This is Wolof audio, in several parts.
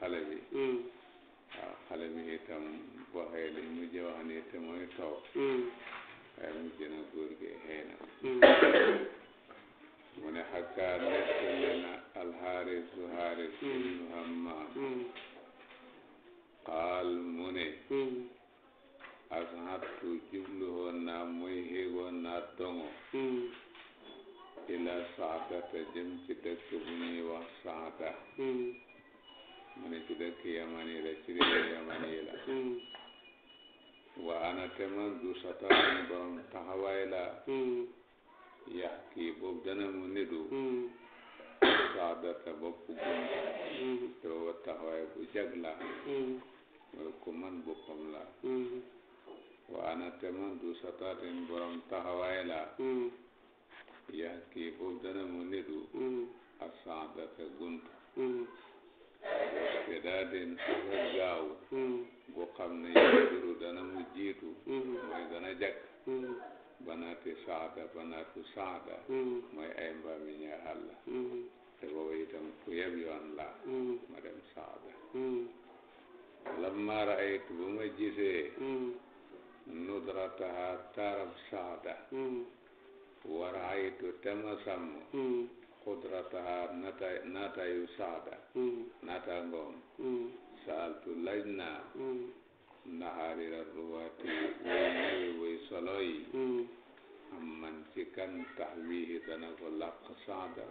xale bi taxawaay la hmm. yax kii boobu dana mu nidu hmm. sax data bopp gunge hmm. te booba taxawaay bu jag la mooy ku man boppam la waana te man du sataatin borom taxawaay la yax kii boobu dana mu nidu a sax data guntu te daa den naatu saada mm. mooy mm. mm. ma saada lamma ma gisee nudrataha taarab saada waraaytu te ma sàmm xudrataha naata naataayu saada naata ngoom saaltu laaj naa naxaarira ruwaati way nawi man ci kan tax wii dana ko làq saada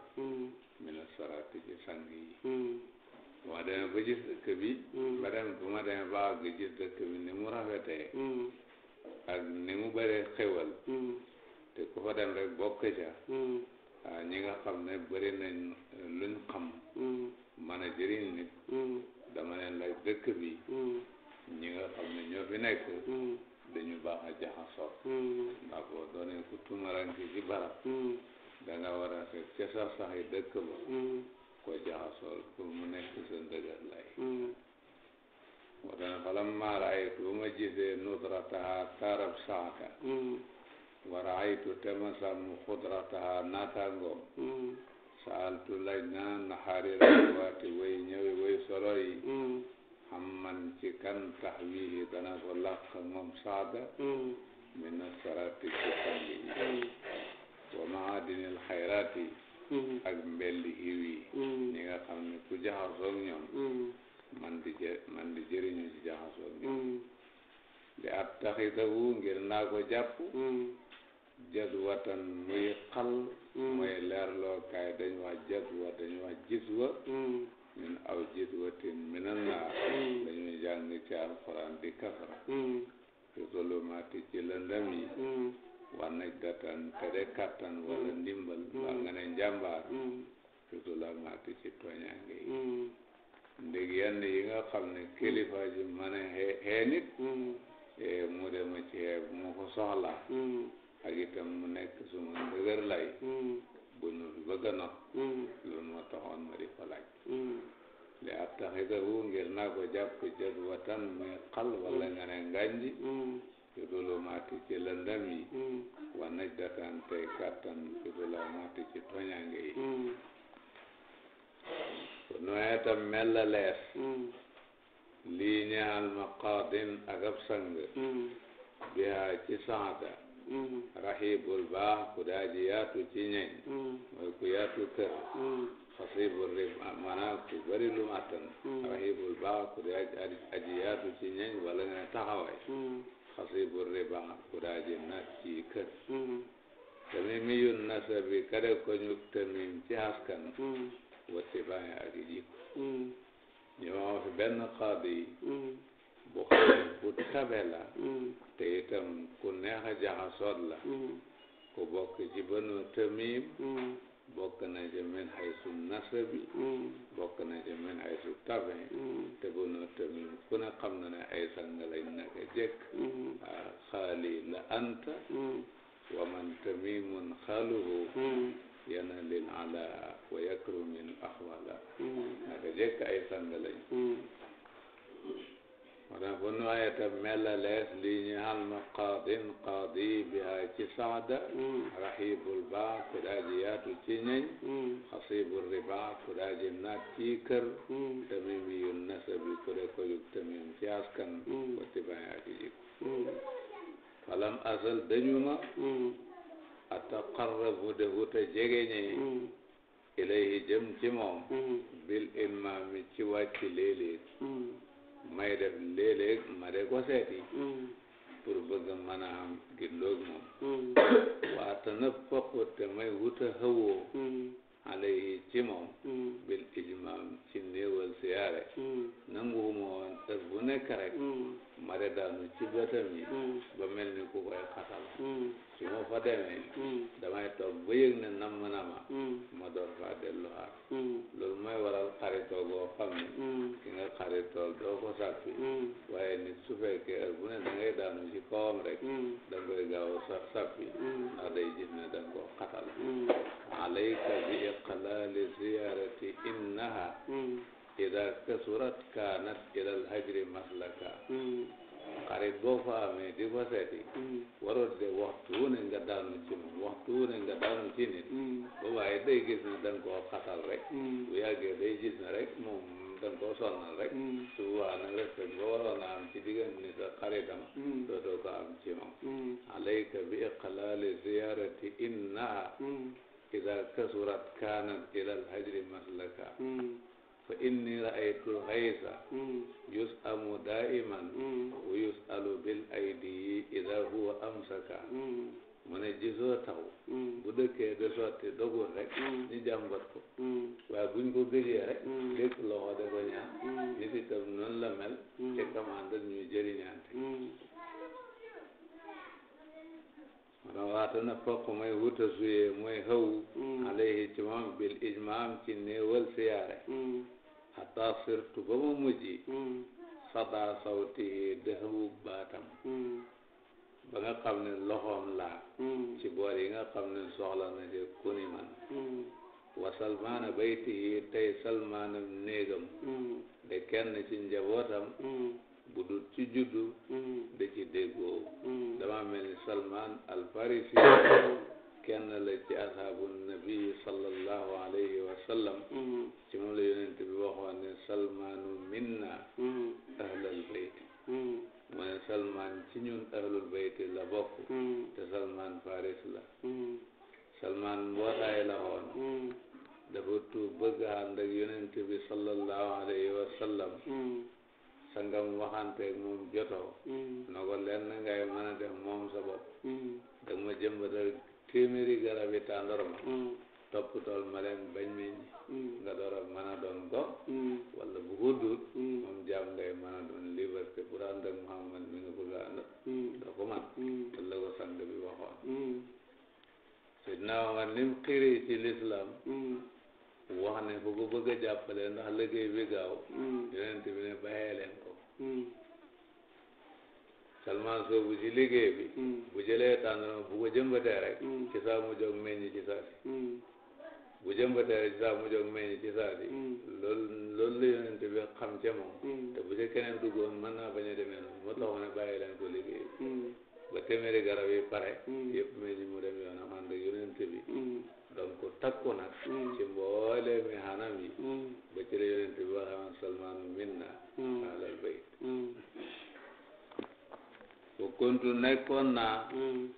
mina sarati ci sang yi bu ma demee ba gis bi ba dem bu ma demee ba àgg gis bi ni mu rafetee hmm. ak ni mu bëree xewal hmm. te ku fa dem rek bokk ca ah hmm. ñi nga xam ne bëri nañ luñ xam mën nit dama leen laaj dëkk bi ñi nga xam ne ñoo fi nekk dañu baax a jaxasoo hmm. ndax boo doonee ku tumaranke ci barab hmm. danga war a ca sax dëkk ba hmm. ko jaxasool pour mu nekk sa ndëgër lay moo tax ne falam maa raaytu bu ma gisee nudrataha taarab saaka wa raaytu tema sàmm xudrataha naataangoom saaltu laaj naa naxaari way ñëwe way solo kan tax wii dana ko làq moom saada min nasaraati ci sang yi wa maadinil xayraati ak mbelli xiw yi ñi nga xam ne ku jaxasoog ñoom man di jë man di jëriñu ñoom li ab taxidahu ngir naa ko jàpp jadwatan muy xal mooy leerloo kaay dañ wax jadwa dañ wax jiswa min aw jidwatin minan naar hmm. dañuy jàng ci alquran di kasara hmm. fi zulumaati ci lëndëm yi hmm. war nañ datan tere kattan wala ndimbal ba nga ne njàmbaar fi zulumaati ci tooñaange yi ndég yenn yi nga xam ne kilifa ji mën a xee nit e mu dema ci xee bu ma ko soxlaa mu nekk suma ndëgër lay bu ñu fi bëgg loolu moo taxoon ma di ko li ab taxita wu ngir naa ko jàpp jël watan muy xal wala nga ne ngànji ci dulumaati ci lëndëm yi wa naj datan tey kàttan ci dulumaati ci toñange yi ku nooyee tam mellalees lii ñaal ma qaadin ak ab sang bihaa ci saada Mm-hmm. rahibul baax ku daaji yaatu ci ñeñ mm-hmm. mooy ku yaatu kër xasibul mm-hmm. rib maanaam ku lu attan rahibul baax ku daaji ci ñeñ wala nga ne taxaway xasibul ku daaji na ci kër tamimiyun nasabi kare ko ñu tamim ci askan watti ak jikko ñu ma fi benn xaadi bu xam ku tabe la mm. te ku neex a jaxasoot la mm. ku bokk ci banu tamim mm. bokk na ci min haysu nasabi bokk na ci min haysu tabe te banu tamim ku ne xam na ne ay sang lañ naka jëkk xaali la anta wa man tamimun xaaluhu yana lil ala wa yakrumin axwala naka jëkk ay sang lañ wala bu nooyee tam melalees li ñu al ma qaadin qaadi biha ci saada mm. rahibul ba kudaaji yaatu ci ñeñ mm. xasibul riba kudaaji naat ci kër mm. tamim yun nasabi kure ko yug tamim ci askan ko ci baya ci jiko falam asal dañu ma ataqarrabu de huta jegeñee ilayhi jëm ci moom bil immaami ci wàcci léeg may def léeg-léeg ma de ko seeti mm. pour bëgg mën a am gilloog moom mm. waa tanafaqu te may wuta hawoo mm. alayhi ci moom bil ijmaam ci néewal siyaare nanguwuma woon heure bu nekk rek mare daanu ci bëtam yi mm. ba ni ku koy xatal mm. su ma fa demee mm. damay toog ba yëg ne namm na ma ma door faa delluwaat loolu mooy waral xaritoo boo xam ki nga xaritool doo ko sàppi waaye nit su fekkee heure da ngay daanu ci kawam rek da gaaw sax sàppi ndax day gis ne da nga koo xatal alayka bi iqlaali ziyaarati innaha ida kasurat kaanat ilal hajri maslaka xarit boo fa amee di fa seeti waroo de waxtu wu ne nga daanu ci moom waxtu wu ne nga daanu ci nit bu waaye day gis ne da nga koo xatal rek bu yàggee day gis ne rek moom da nga koo sonnal rek su boobaa nag respect ba waroon a am ci diggante nit ak xaritam dootoo ko am ci moom alayka bi iqlaali ziyarati innaha ida kasurat kaanat ilal hajri maslaka fa inni raaytul xaysa mm. yus amu daiman mm. wa yus alu bil aydi ida huwa amsaka mm. mu ne gisoo taw bu dëkkee de sotti dogul rek ñu jàmbat ko waaye buñ ko gëjee rek loxo de ko ñaan nit itam noonu la mel te kamandal ñuy jëriñante mana waata na fokk may wuta mooy xaw alayhi ci moom bil ijmaam ci néewal siyaare xataa surtout ba mu mujj. Mm. sadaa sawti dëxëwu baatam. Mm. ba nga xam ne loxoom laa. Mm. ci bool yi nga xam ne soxla na de kuni wa salmaana baytihi tey salmaanam néegam. de kenn ci njabootam. bu dul ci juddu. da ci déggoo. dama mel ni Salman kenn la ci ashaabu nabi sallallahu alayhi wa mm-hmm. ci moom la yonent bi waxoon ne salmaanu minna mm-hmm. ahlal bayt mm-hmm. mu salmaan ci ñun ahlul bayt la bokk te salmaan faris la salmaan mbootaay la woon dafa tuub bëgg ànd ak yonent bi sallallahu alayhi wa sangam waxanteeg moom jotoo na ko lenn ngay mën a def moom sa bopp da ma jëmbatal téeméeri garab yi tàndorma mm. topp bañ meññ mm. nga door a mën a doon mm. wala bu ko jaam ngay mën a doon liberté bu ànd ak Muhammad mi nga bëgg a ànd doo ko man te la ko sang bi waxoon Seydina Omar ni mu ci l'islam wax ne ku ko bëgg a jàppale ndax liggéey bi gaaw yonent bi ne bàyyee leen ko seulement soo bu ci liggéey bi hmm. bu jëlee tàndarma bu ko jëmbatee rek hmm. ci saa mu jóg meññ ci saa si hmm. bu jëmbatee rek ci saa mu jóg meññ ci saa si loolu loolu la yonent bi xam ca moom te bu ca keneen duggoon mën naa bañ a demee noonu mu taxoon ne bàyyi leen ko liggéey bi ba téeméeri garab yi pare yëpp meññ mu dem yoonam ànd ak yonent bi donc takku nag ci mboolee mi xanam yi ba ci la yonent bi waxee woon salmaanu minna alal bayt wa kuntu nekkoon naa hmm.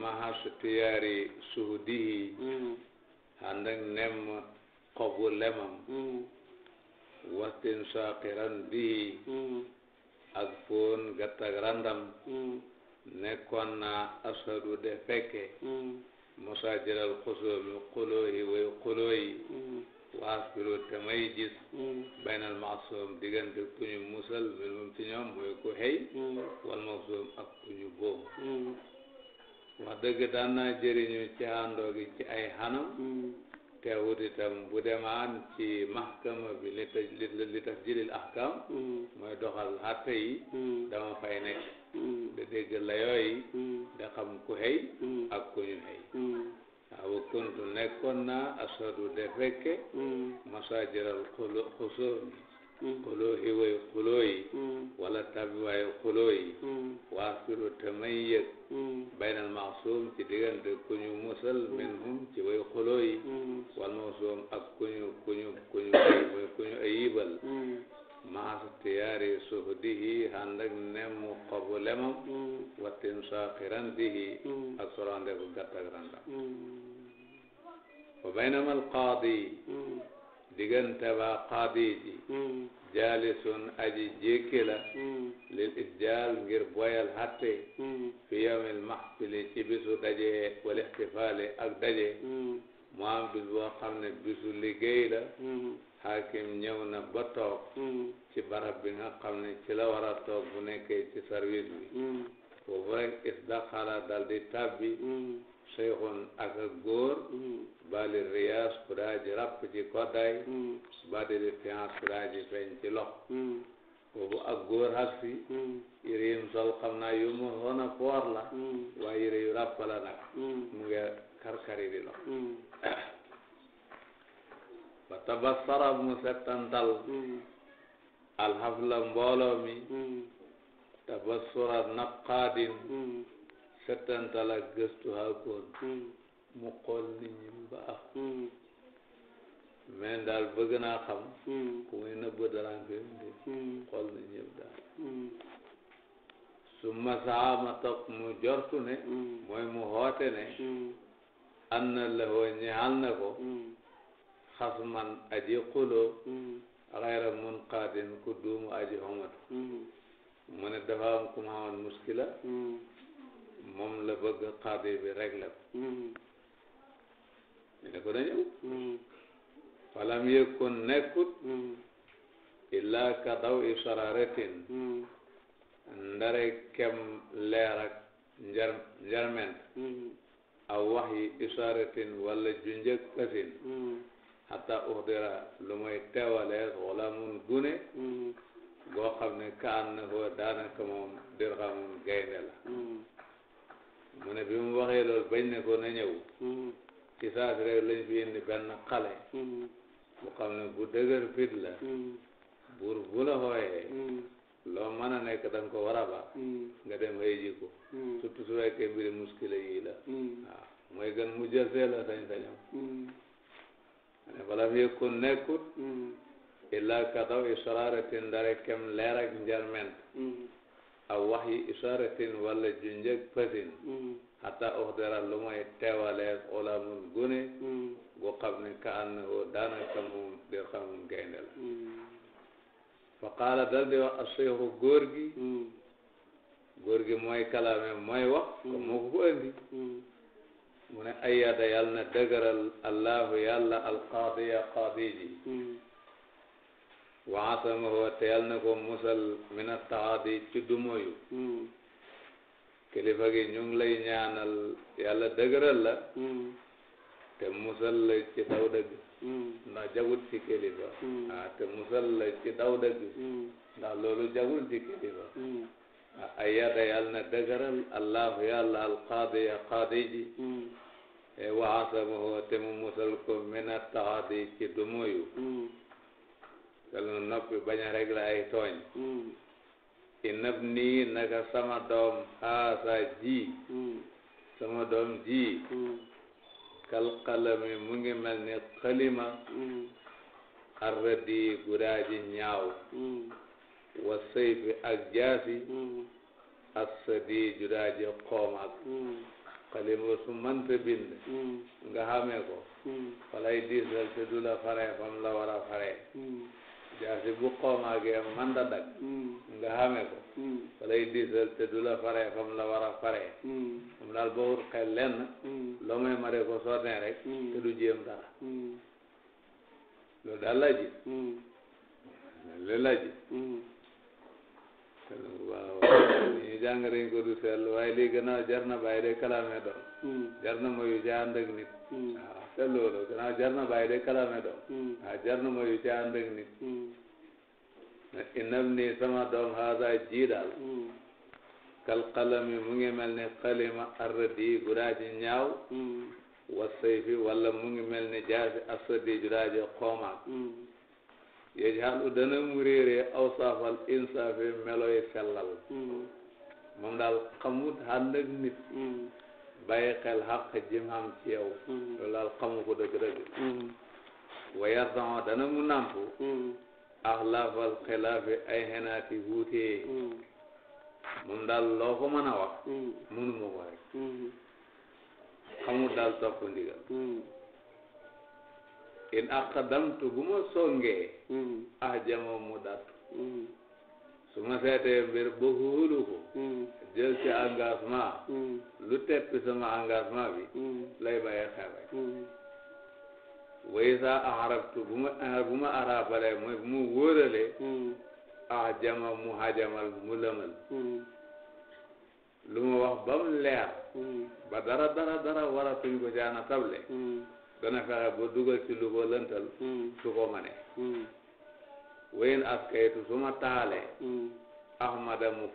maha sutiyaari suhudihi hmm. ànd ak nemm xobu lemam hmm. wastin saaqiran bihi ak foon gattag randam nekkoon naa asadu de fekke masaajiral xusoomi way xulooyi waas biro te may gis baynal maasum diggante ku ñu musal min moom ci ñoom mooy ku xëy wal maasum ak ku ñu boom wax dëgg daan naa jëriñu ci àndoo gi ci ay xanam te wut itam bu demaan ci mahkama bi li ta li taf jilil ahkam mooy doxal xatte yi dama fay nekk da dégg la yooyi da xam ku xëy ak ku ñu xëy waaw kuntu nekkoon naa asadu de fekke masaajiral xuloo xusoo xuloo yi way xuloo yi wala tabiwaay xuloo yi waafiru te may yëg baynal ci diggante ku musal min ci way xuloo wal maxsuum ak ku ñu ku ñu ayibal maas tiyaari suhdihi ànd ak nemu xobu lemam wattin saaqi randihi ak sorande bu gàtt randam wa baynama alqaadi diggante ba qaadi ji jaalisun aji jékki lil ijjaal ngir boyal hatte fi yawmil mahfili ci bisu daje wal ixtifaali ak daje mu am bis boo xam ne bisu liggéey la xaakim ñëw na ba toog mm. ci barab bi nga xam ne ci la war a toog bu nekkee ci service bi mm. foofu rek is daxala dal di tàbbi seyxun mm. ak ak góor bali riyaas ku daa ràpp ci kodday badili fiance ku daa feeñ ci lox boobu ak góor agsi yére yim sol xam naa yu mu woon a foor la waaye yére yu ràpp nag mu nga karkari di lox tabassara mu settantal hmm. alxafla mbooloo mi hmm. tabassura naqaadin hmm. settantal ak gëstu haakoon mu xool nit ñi mbaax bëgg naa ku muy nëbb daraan koy mbi xool nit ñëpp daal summa saama topp mu jortu ne mooy mu hoote ne an na la hoo ñaal na ko xasman aji xuloo mm. xayra munqaadin ku duumu aji xomatu mm. mu ne dafa am ku ma muskila mm. moom la bëgg xaadi bi réglé ko ñu ne ko na ñëw falam yëkkun nekkut illa ka daw i sararetin ndare kem leer ak njar njarment aw wax yi isaaratin hatta uhdira lu may teewalees xulamun gune goo hmm. xam ne kaan na ko daanaka moom dirxamun gaynde la hmm. mu ne bi mu waxee loolu bañ ne ko na ñëw hmm. ci saa si rek lañ fi indi benn xale bu xam ne bu dëgër fit la buur bu la xooyee loo mën a nekk da ko war a nga dem xëy ji ko surtout su fekkee mbiri muskile yii la mooy gën mu jël see la sañ-sañam falam yakun nekkut mm. illaa kadaw isaratin ndare kem leer ak njarment mm. aw wax walla junjëg fasin mm. hatta uxdara lu may teewaleeg olamul gune gu xam ne ka ànd woo daanaka moom di xamum gaynde fa qaala dal di wax asseexu góor gi góor gi mooy kalaame mooy wax ko moo ko mu ne ayyada yàlla na dëgëral allahu yàlla alqaadiya qaadi ji hmm. wa asamahu te yàlla na ko musal min attaadi ci dumoyu hmm. kilifa gi ñu ngi lay ñaanal yàlla dëgëral la hmm. te musal la ci daw dëgg jagut ci kilifa ah, te musal la ci daw dëgg loolu jagut ci kilifa ayada yàlla na dëgëral allahu yàlla alqaadiya qaadi ji mm. e waxasamahu te mu musal ko mina taxadi ci dumoyu selu mm. noppi bañ a régler ay tooñ mm. inab nii naka sama doom xaasa ji sama doom ji kal qalami mu ngi mel ni xalima arradi gudaaji ñaaw sayfi ak jaasi mm. assadi judaaji xoomaak kalima mm. su mënta bind mm. nga xamee ko falay diisal te du la faree fam la war a faree jaasi bu xoomaagee manda dag nga xamee ko falay diisal te du la faree fam la war a faree moom daal boo wut xel lenn loo may mare ko sonnee rek te du jéem dara loolu daal la waaw ñu jàng dañ ko du sell waaye lii gannaaw jar na bàyyi de kalaame doom hmm. jar na mooyu ca ànd ak nit hmm. waaw te loolu gannaaw de kalaame doom hmm. waaw jar na mooyu ca ànd ak nit ni sama doom haada ji daal kal qalami mu ngi mel ni qalima arradi guraaji ñaaw wasayfi walla mu ngi mel ni jaafi asadi juraaji xoomaat yajaalu dana mu réeree aw saafal insaafe meloy sellal mm-hmm. moom daal xamut ànd ak nit mm-hmm. bàyyi xel xaq jim xam ci yow mm-hmm. loolu daal xamu ko dëgg-dëgg wa yardan dana mu nàmpu axlaafal xilaafi ay xenaati wuutee moom daal loo ko mën a wax mënuma ko rek xamut daal topp ndigal in aqdamtu bu ma songee hmm. ah jama mu dat hmm. su ma seetee mbir ba huulu ko hmm. jël ci engagement lu teppi sama engagement bi lay bàyyi xel rek waysa arabtu bu ma ah, bu ma arabale mooy bu mu ah jama mu hajamal mu lëmal lu ma wax ba mu leer ba dara dara dara waratuñ ko jaana table dana fexe ba dugal ci lu ko lëntal mm. su ko mane mm. wayin askaytu su ma taalee mm. ahmada mu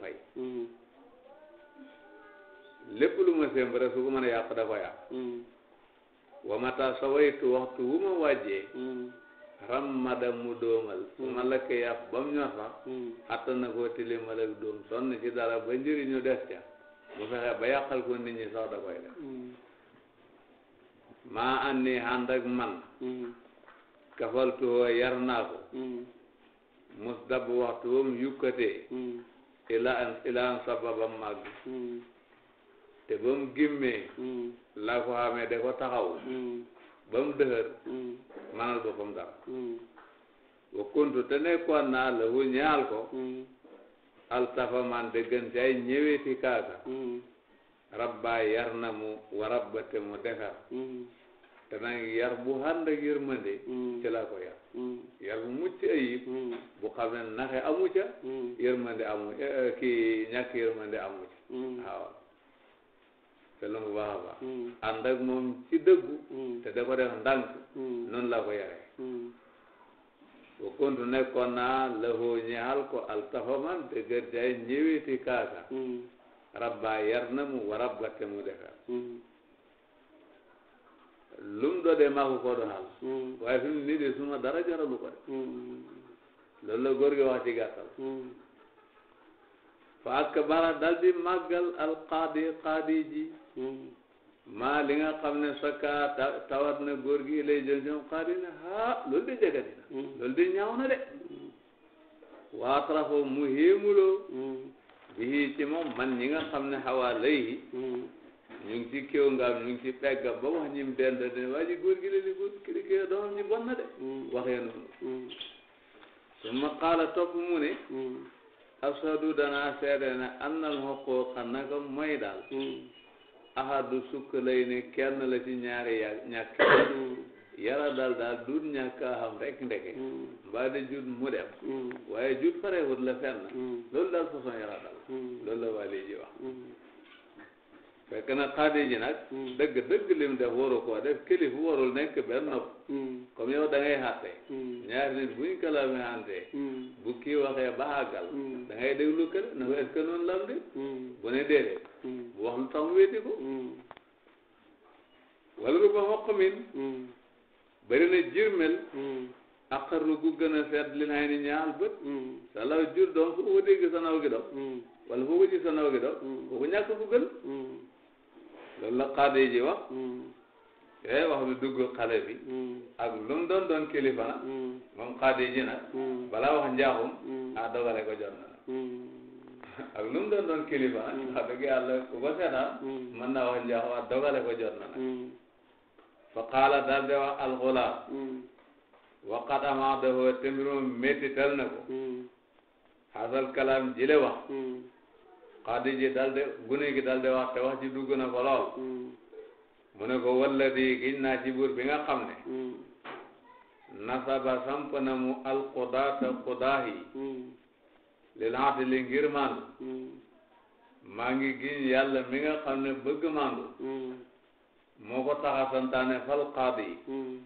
lépp lu ma semb rek su ko mën a yàq da ko yàq waxtu wu ma wàjjee rammada mu doomal su ma lakk yàpp ba mu ñor sax attan na koo tilimal ak doom sonn ci dara ba des ca mu fexe ba yàqal ko nit ñi sax koy def maa àndi ànd ak man mm. kafaltuhoo yar naa ko mm. mus waxtu wam yukkatee ila mm. ila an sababam màgg te ba mu gimmee laa ko xamee ko taxaw ba mu dëhër manal boppam dara wa kuntu te nekkoon naa la hu ñaal ko altafa man de gën ci ay ñëweeti rabba yar na mu wa rabba te mu defar mm. te nag yar bu ànd ak yërmande mm. ci la yar mm. yar bu mucc ayib bu xam ne naxe amu ca yërmande amu eh, eh, kii ñàkk yërmande amu ca waaw te lu mu baax a baax ànd ak moom ci dëggu te da ko la ko yare wa kontu nekkoon naa la ko altafamante gër jaay ñëweti kaasa rabba yar na mu wa rabba te mu defar hmm. lum do de maa ko ko doxal hmm. waaye fi mu nii de suma dara jaralu hmm. loolu la góor gi wax ci gàttal fa akbara dal di al qaadi qaadi ji maa li nga xam ne saka tawat na góor gi lay jël ñoom ne haa loolu de jagadi loolu de ñaaw na de waatrafa mu héemuloo bii ci moom man ñi nga xam ne xawaa lay hmm. ñu ngi ci kéw ngaam ñu ngi ci pegga ba wax ñim dend ne waa ji góor gi la di góor ki di ñi bon na de hmm. waxee noonu hmm. su ma xaala topp mu ne asadu danaa seede ne annal xuquuqa naka mooy daal ahadu sukk lay ne kenn la ci ñaari yàgg ñàkk yara daal daal duut ñàkk a xam rek ndeke mm. jut mu mm. waaye jut parewut la fenn mm. loolu daal façon yara daal loolu la waa léegi fekk na xaadi ji nag dëgg dëgg lim def waru koo def kilifa warul nekk benn nopp comme yow da ñaari nit buñ kalaame xante bu kii ba àggal da ngay déglu na ko est-ce bu ne déedéet bu wax lu tax ko wala lu min bëri na jirmel hmm. aqarru gu gën a seet li ni ñaal bët hmm. sa law jur doom fu ko dégg sa naw gi dox hmm. wala foo ko ji sa naw gi dox foo ko ñàkk bu gën loolu ji wax yooyu eh, wax lu bi ak lu mu doon doon kilifa na moom xaade a ah, dogale ko jot na mu doon ko seetaan mën naa wax ah, ko jot na nag fa qaala daal di wax alxulaam hmm. waqat amaa dafa te mbir moom na ko xasal hmm. kalaam jile wax hmm. xadi ji daal de wax te wax ji dugg na ko mu ne ko walladi giñ naa ci buur bi nga xam ne nasaba samp mu alqudaata qudaahi lil adli ngir maandu maa ngi giñ yàlla mi xam ne bëgg maandu moo ko tax a santaane fal qaadi hmm.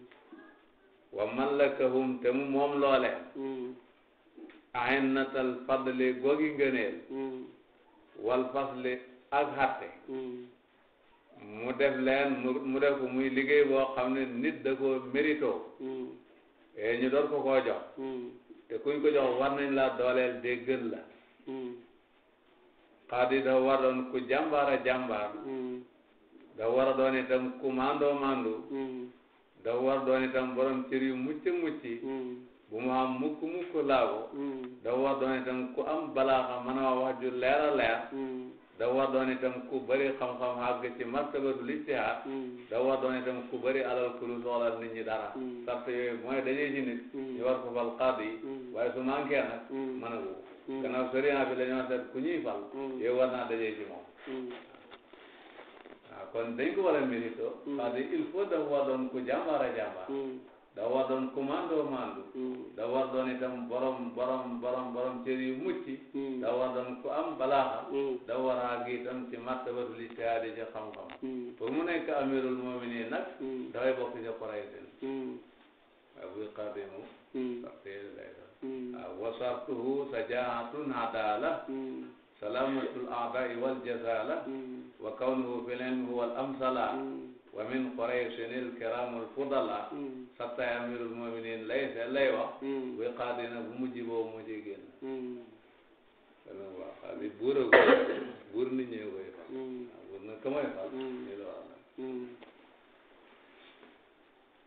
wa mallakahum te mu moom loole hmm. ahinnatal fadli googi ngëneel hmm. wal fasli ak hatte mu def leen mu def ko muy liggéey boo xam ne nit da eh, ko mérito e ñu doon te kuñ ko jox war nañ laa dooleel déggal la qaadi dafa war doon ku jàmbaara jàmbaar da war a doon itam ku maandoo maandu hmm. da war a doon itam borom cër yu mucc mucc hmm. bu mu am mukk mukk laago hmm. da war a doon itam ku am balaaxa mën a wax ju leer a leer da war a doon itam ku bëri xam-xam àgg ci martabatu listihaar da war a doon ku bëri alal ku lu soxla nit ñi dara sart yooyu mooy dajee ci nit ñu war ko fal xaadi yi waaye su manqué nag mën a ko gannaaw sëriñ bi la ñoo ku ñuy fal yooyu war naa dajee ci kon dañ ko war a mérito parce que il faut dafa war doon ku jàmbaar a jàmbaar dafa war doon ku mando mando dafa war doon itam borom borom borom borom cër yu mucc dafa war doon ku am balaaxa dafa war a àgg itam ci martabatul ijtihaad ci xam-xam pour mu nekk amirul muminin nag dafay bokk ci xoray den waaye buy xaaree moom sax teel lay doon waaw wasaatuhu sajaatun adaala salaamatul aadaai wal jazaala wa kawnuhu filen huwal amsala wa min qurayshin il kiramul fudala satta amirul muminin lay se lay wax buy xaadi na bu mujj boobu mu ci génn kana waa xaadi buur a buur nit ñee koy fal buur na kamay fal ni la wax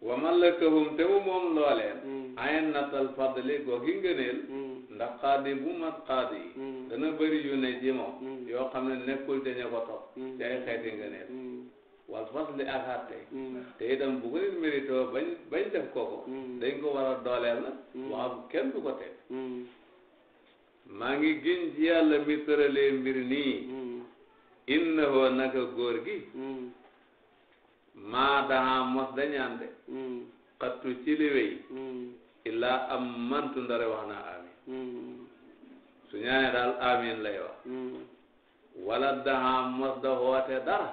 wa malakahum te mu moom looleen ayen natal fadli googi ngëneel ndax xaadi bu mat xaadi dana bëri yu ne ji moom yoo xam ne nekkul te ña ko topp ci ay xeeti ngëneel wal fasli ak xatte te itam bu ko nit mérité bañ bañ koko dañ ko war a dooleel nag wax ko teg ngi giñ ci yàlla mi tëralee mbir nii naka góor maa daan mos dañaan de mm. xattu ci li wéy mm. illaa am mantu ndare wax naa amin mm. su ñaanee daal amin lay wax wala daan mos da woote dara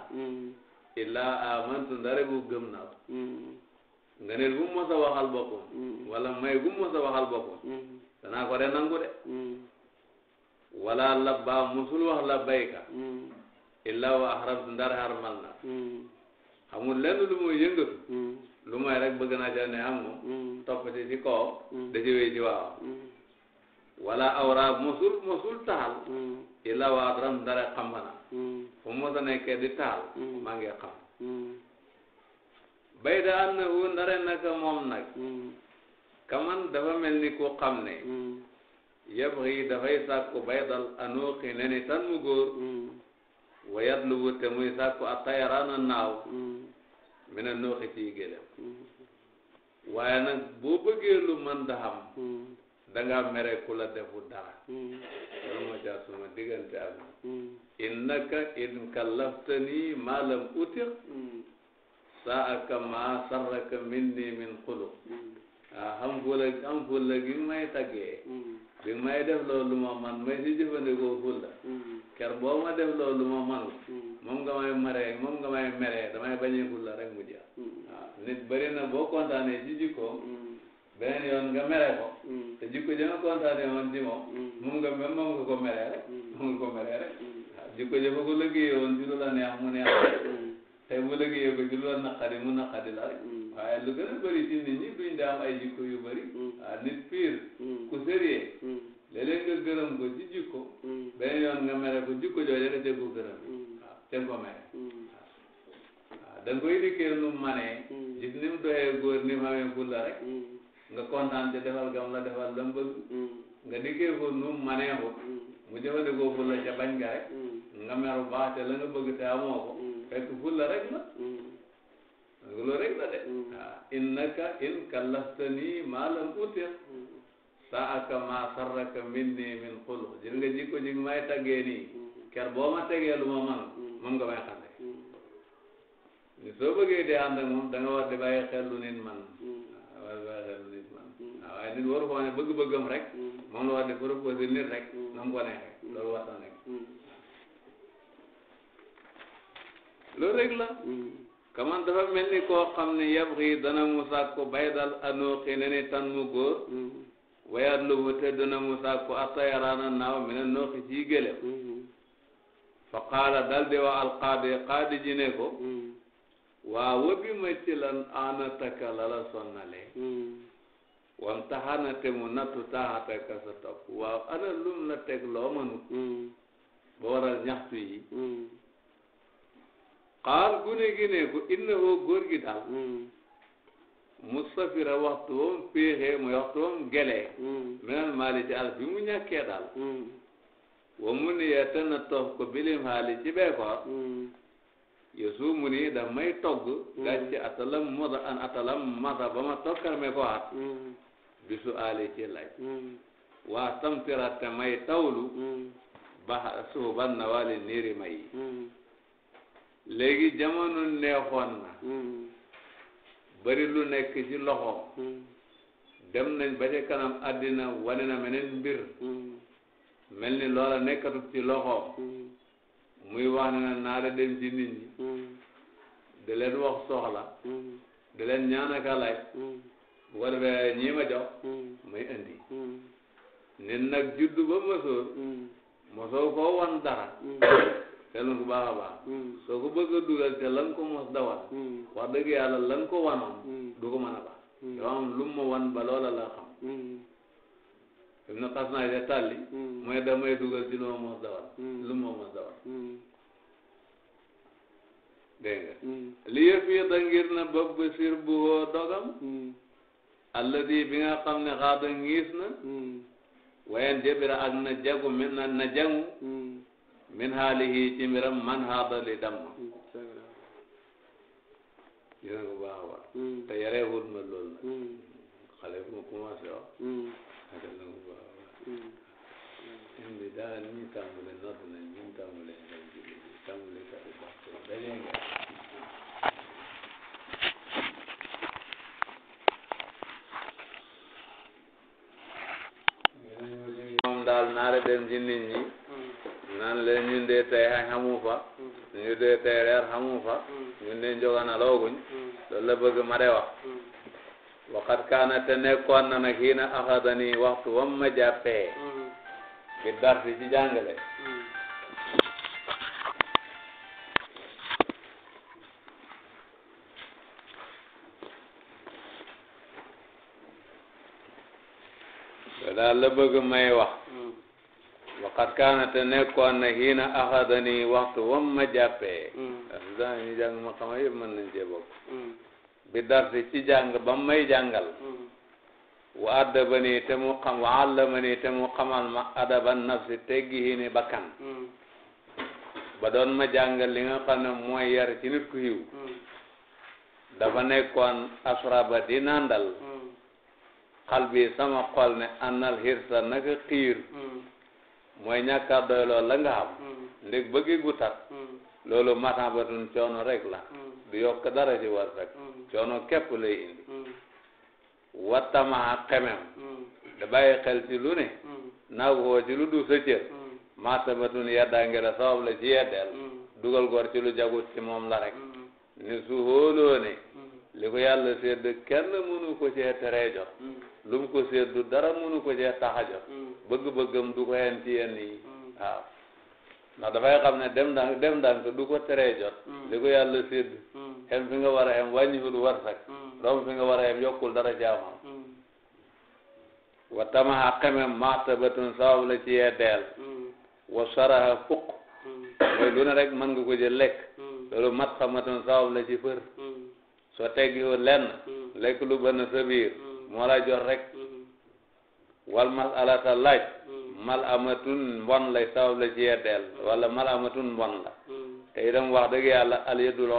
illaa amantu ndare bu gëm nga ne bu mos a waxal boppam wala may bu mos a waxal boppam danaa ko de nangu de wala labba musul wax labbayka illaa wa ahram ndare harmal na amul lenn lu muy yëngatu. Mm. lu may rek bëgg naa ne amoo. Mm. toppati ci kaw. Mm. da jëwee ci wala awra mosul mosul taal. illa waa ram dara xambana. fu mu mos a nekkee di taal. maa ngi xam. da am na wu ndare naka kaman dafa mel ni ku xam ne. yëpp yi dafay dal anuuqi ne ni tan mu wayat lu wute muy sàkku ak tayaraana mi ne nooxi ci gélem waaye nag boo bëggee lu mën da xam danga mere ku la defu dara loolu moo ca suma diggante ak innaka in kallaftani maa lam utiq saaka maa sarraka minni min xuluq ah xam fulla xam fulla gi may taggee bi may def loolu ma man may si jëfandikoo fulla ker boo def loolu ma manut moom nga may mere moom nga may mere damay bañee gul la rek mu jeex mm. waaw nit bëri na boo kontaanee ci jikkoom mm. beneen yoon nga mere ko mm. te jikko ja nga kontaanee woon ci moom moom nga même moom nga ko meree rek moom nga ko meree rek waaw jikko ja ba ko liggéeyee woon ci lu la neex mu neex tey bu liggéeyee ko ci lu la naqari mu naqari la rek waaye lu gën a bëri ci nit ñi duñ da am ay jikko yu bëri waaw nit pire ku sérieux léeg-léeg nga gërëm ko ci jikko beneen yoon nga mere ko jikko jooju rek a gërëm te nga ko may. da koy dikkee nu mu manee. ni mu doyee góor ni mu amee fulla rek. nga kontaan te defal gam la defal la nga dikkee ko nu mu manee ko. mu jëfandikoo fulla ca bañ ga rek. nga meru baax nga bëgg te amoo ko. fekk fulla rek la. loolu rek la de. ah innaka in kallastani maa lam utir. saaka ma sarraka minni min xuluq jël nga jikko ji may taggee nii. ker boo ma tegee lu ma moom nga may xamee ni soo bëggee di ànd ak moom da nga war xel lu nit man mm. war di bàyyi xel lu nit man mm. waaw waaye nit waru koo ne bëgg-bëggam rek mm. moom la war di rek na mu ko neexee loolu war na nekk loolu rek kaman dafa mel ni koo xam ne yab xii dana mu bay dal anooxi ne ni tan mu góor wayat lu mu dana mu sàkku attayaraana naaw mi ne nooxi ci gëlem fa qaala daldi wa alqaadi qaadi ji ne ko hmm. waa wabi ma ci lan aanataka lala sonnalee hmm. wam taxana te mu nattu taxataka sa topp waaw ana lum la teg loo mënu hmm. ba waral ñaxtu yi xaal gune gi ko innahu góor gi daal mustafira waxtu woon péexee muy waxtu woon gelee meneen maali ci àll bi mu ñàkkee daal wa mu ni ya tana tof ko bilim haali ci beekoor yesu mu ni da may togg gàcce atalam moda an atalam mata ba ma tokkar me ko at bisu aali ci laaj waa samtira te may tawlu ba suuban na wali niiri may léegi jamono neexoon na bari lu nekk ci loxo dem nañ ba ca kanam àddina wane na meneen mbir mel ni loola nekkatut ci loxoom muy wax ne na naa da dem ci nit ñi da leen soxla da leen ak a laaj bu ko defee may andi nit nag judd ba mësoor mosoo koo wan dara xelul bu baax a baax soo ko bëgg a dugal te mos dawal wax dëgg yàlla lan ko wanoon du ko a baax yow am wan ba loola la fi mu ne xas naa ca tàlli mm. mooy damay dugal ci mm. lu ma mos dawal lu ma mos dawal dégg nga mm. li yëf yi da ngir na bopp sir bu woo dogam alladi bi nga xam ne xaada ngiis na wayen jabira ak na jagu min na na jangu min xaalihi ci mbiram man xaada li damma gis nga baax a baax te yaree wut ma loolu nag xale bu ma commencé wax indi daal ñi tàmbale nodd nañ ñi tàmbale ñoom julli ñi tàmbale kati waxtu dañuy nga moom daal naare dem ci nit ñi mm. naan leen ñun dee waqad kaana te nekkoon na nag xiina axadani waxtu wam ma jàppee bi mm. darsi ci jàngale mm. daal la bëgg may wax mm. waqad kaana te nekkoon na xiina axadani waxtu wam ma jàppee daal si daal ñu jàng ma xam yëpp mën nañ cee bokk bi darsi ci jàng ba may jàngal hmm. wa addaba nii te mu xam wa allama nii te mu xamal ma adaban nafsi teggi ni bakkan hmm. ba doon ma jàngal li nga xam ne mooy yar ci nit ku yiw hmm. dafa nekkoon asraba di nandal xal bi sama xol ne annal hirsa naka xiir mooy ñàkka doyloo la nga xam ndég bëggi gu tat loolu matan batun coono rek la du yokk dara ci war rek coono képp lay indi mm. wattama xemem mm. da bàyyi xel ci lu ne mm. naa ko ci lu du sa cër martabatun yeddaange la sabab la ci yeddeel dugal gor ci lu jagut moom la rek ni su hóoloo ne li ko yàlla sédd kenn mënu ko cee teree jot lu mu ko séddu dara mënu ko cee tax a jot bëgg-bëggam du ko hen ci yenn yi waaw ndax dafay xam ne dem ndànk dem ndànk du ko teree jot li ko yàlla sédd xem fi nga war a yem wàññiwul warsak rom hmm. fi nga war a yem yokkul dara jaamam hmm. wa tamaha xemem maxtabatun sabab la ci yee deel hmm. wa saraha fuq mooy lu ne rek mën nga ko jël lekk loolu mat xamatun sabab la ci fër soo teggiwu lenn lekk lu bënn sa biir moo la jot rek wal masalata laaj mal amatun mbon lay sabab la ci yee deel wala mal amatun mbon la te itam wax dëgg yàlla al yadul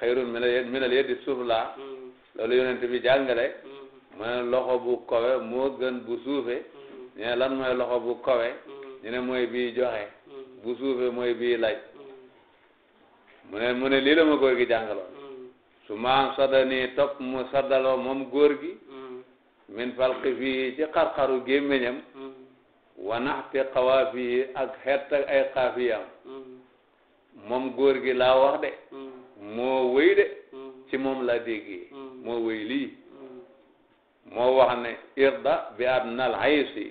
xayrun minal minal yadi sufla mm-hmm. loolu yonent bi jàngale mu mm-hmm. ne loxo bu kowe moo gën bu suufe mm-hmm. ñu ne lan mooy loxo bu kowe ñu ne mooy bii joxe bu suufe mooy bii laaj mu ne mu ne lii la ma góor gi jàngaloon su ma sada nii topp mu saddaloo moom góor gi min falqi fii ci xar-xaru gémmiñam wanaxti xawaa fii ak xeet ak ay xaafiyam moom góor gi laa wax de moo wéy de mm-hmm. ci moom la déggee mm-hmm. moo wéy lii mm-hmm. moo wax ne irda bi adna al aysi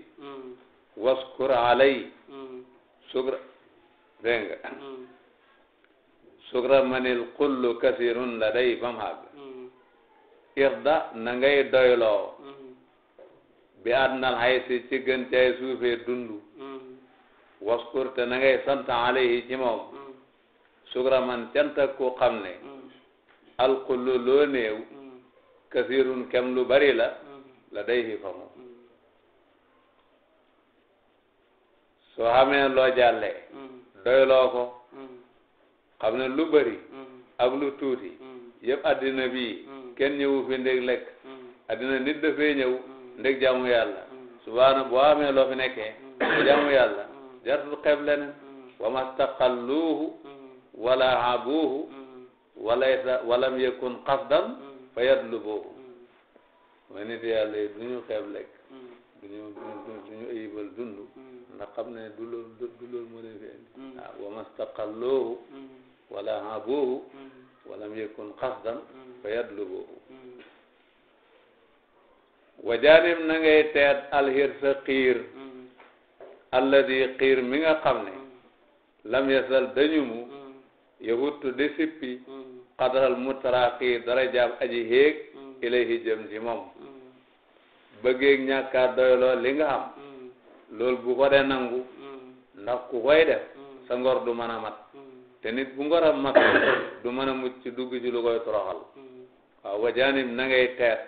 waskur alay sugra dégg nga sugra manil kullu kasirun la day bam xàgg irda na ngay doyloo bi adna al aysi ci gën cay suufee dundu waskur te na ngay sant alayhi ci moom sukra man cant ak ku xam ne mm. alxullu loo néew mm. kasirun kem lu bari la mm. la day hi fa moom soo xamee loo jàllee doyloo ko xam ne lu bari ak lu tuuti yëpp addina bii kenn ñëwu fi ndég lekk addina nit dafee ñëw ndég jaamu yàlla subaana boo xamee loo fi nekkee jaamu yàlla jartul xeeb leneen wa mastaqalluuhu wala abuuhu walaysa walam yakun qasdan fa yadlubuhu ma nit yàlla yi du ñu xeeb lekk du ñu du ñu ayibal dund ndax xam ne du loolu du loolu moo leen fi indi ah wa mastaqalloohu wala abuuhu walam yakun qasdan fa yadlubuhu wa jaanib na ngay teet alxirsa xiir alladi xiir mi nga xam ne lam yasal dañu mu yahuttu di sippi xadaral hmm. mutaraqi darajaam aji héeg hmm. ilayhi jëm ci moom hmm. bëggeeg ñàkkaa doyloo li nga xam loolu bu ko dee nangu ndax ku koy def sa ngor du mën a mat te nit bu ngoram mat du mën a mucc ci dugg ci lu koy toroxal waaw wajaanib na ngay teet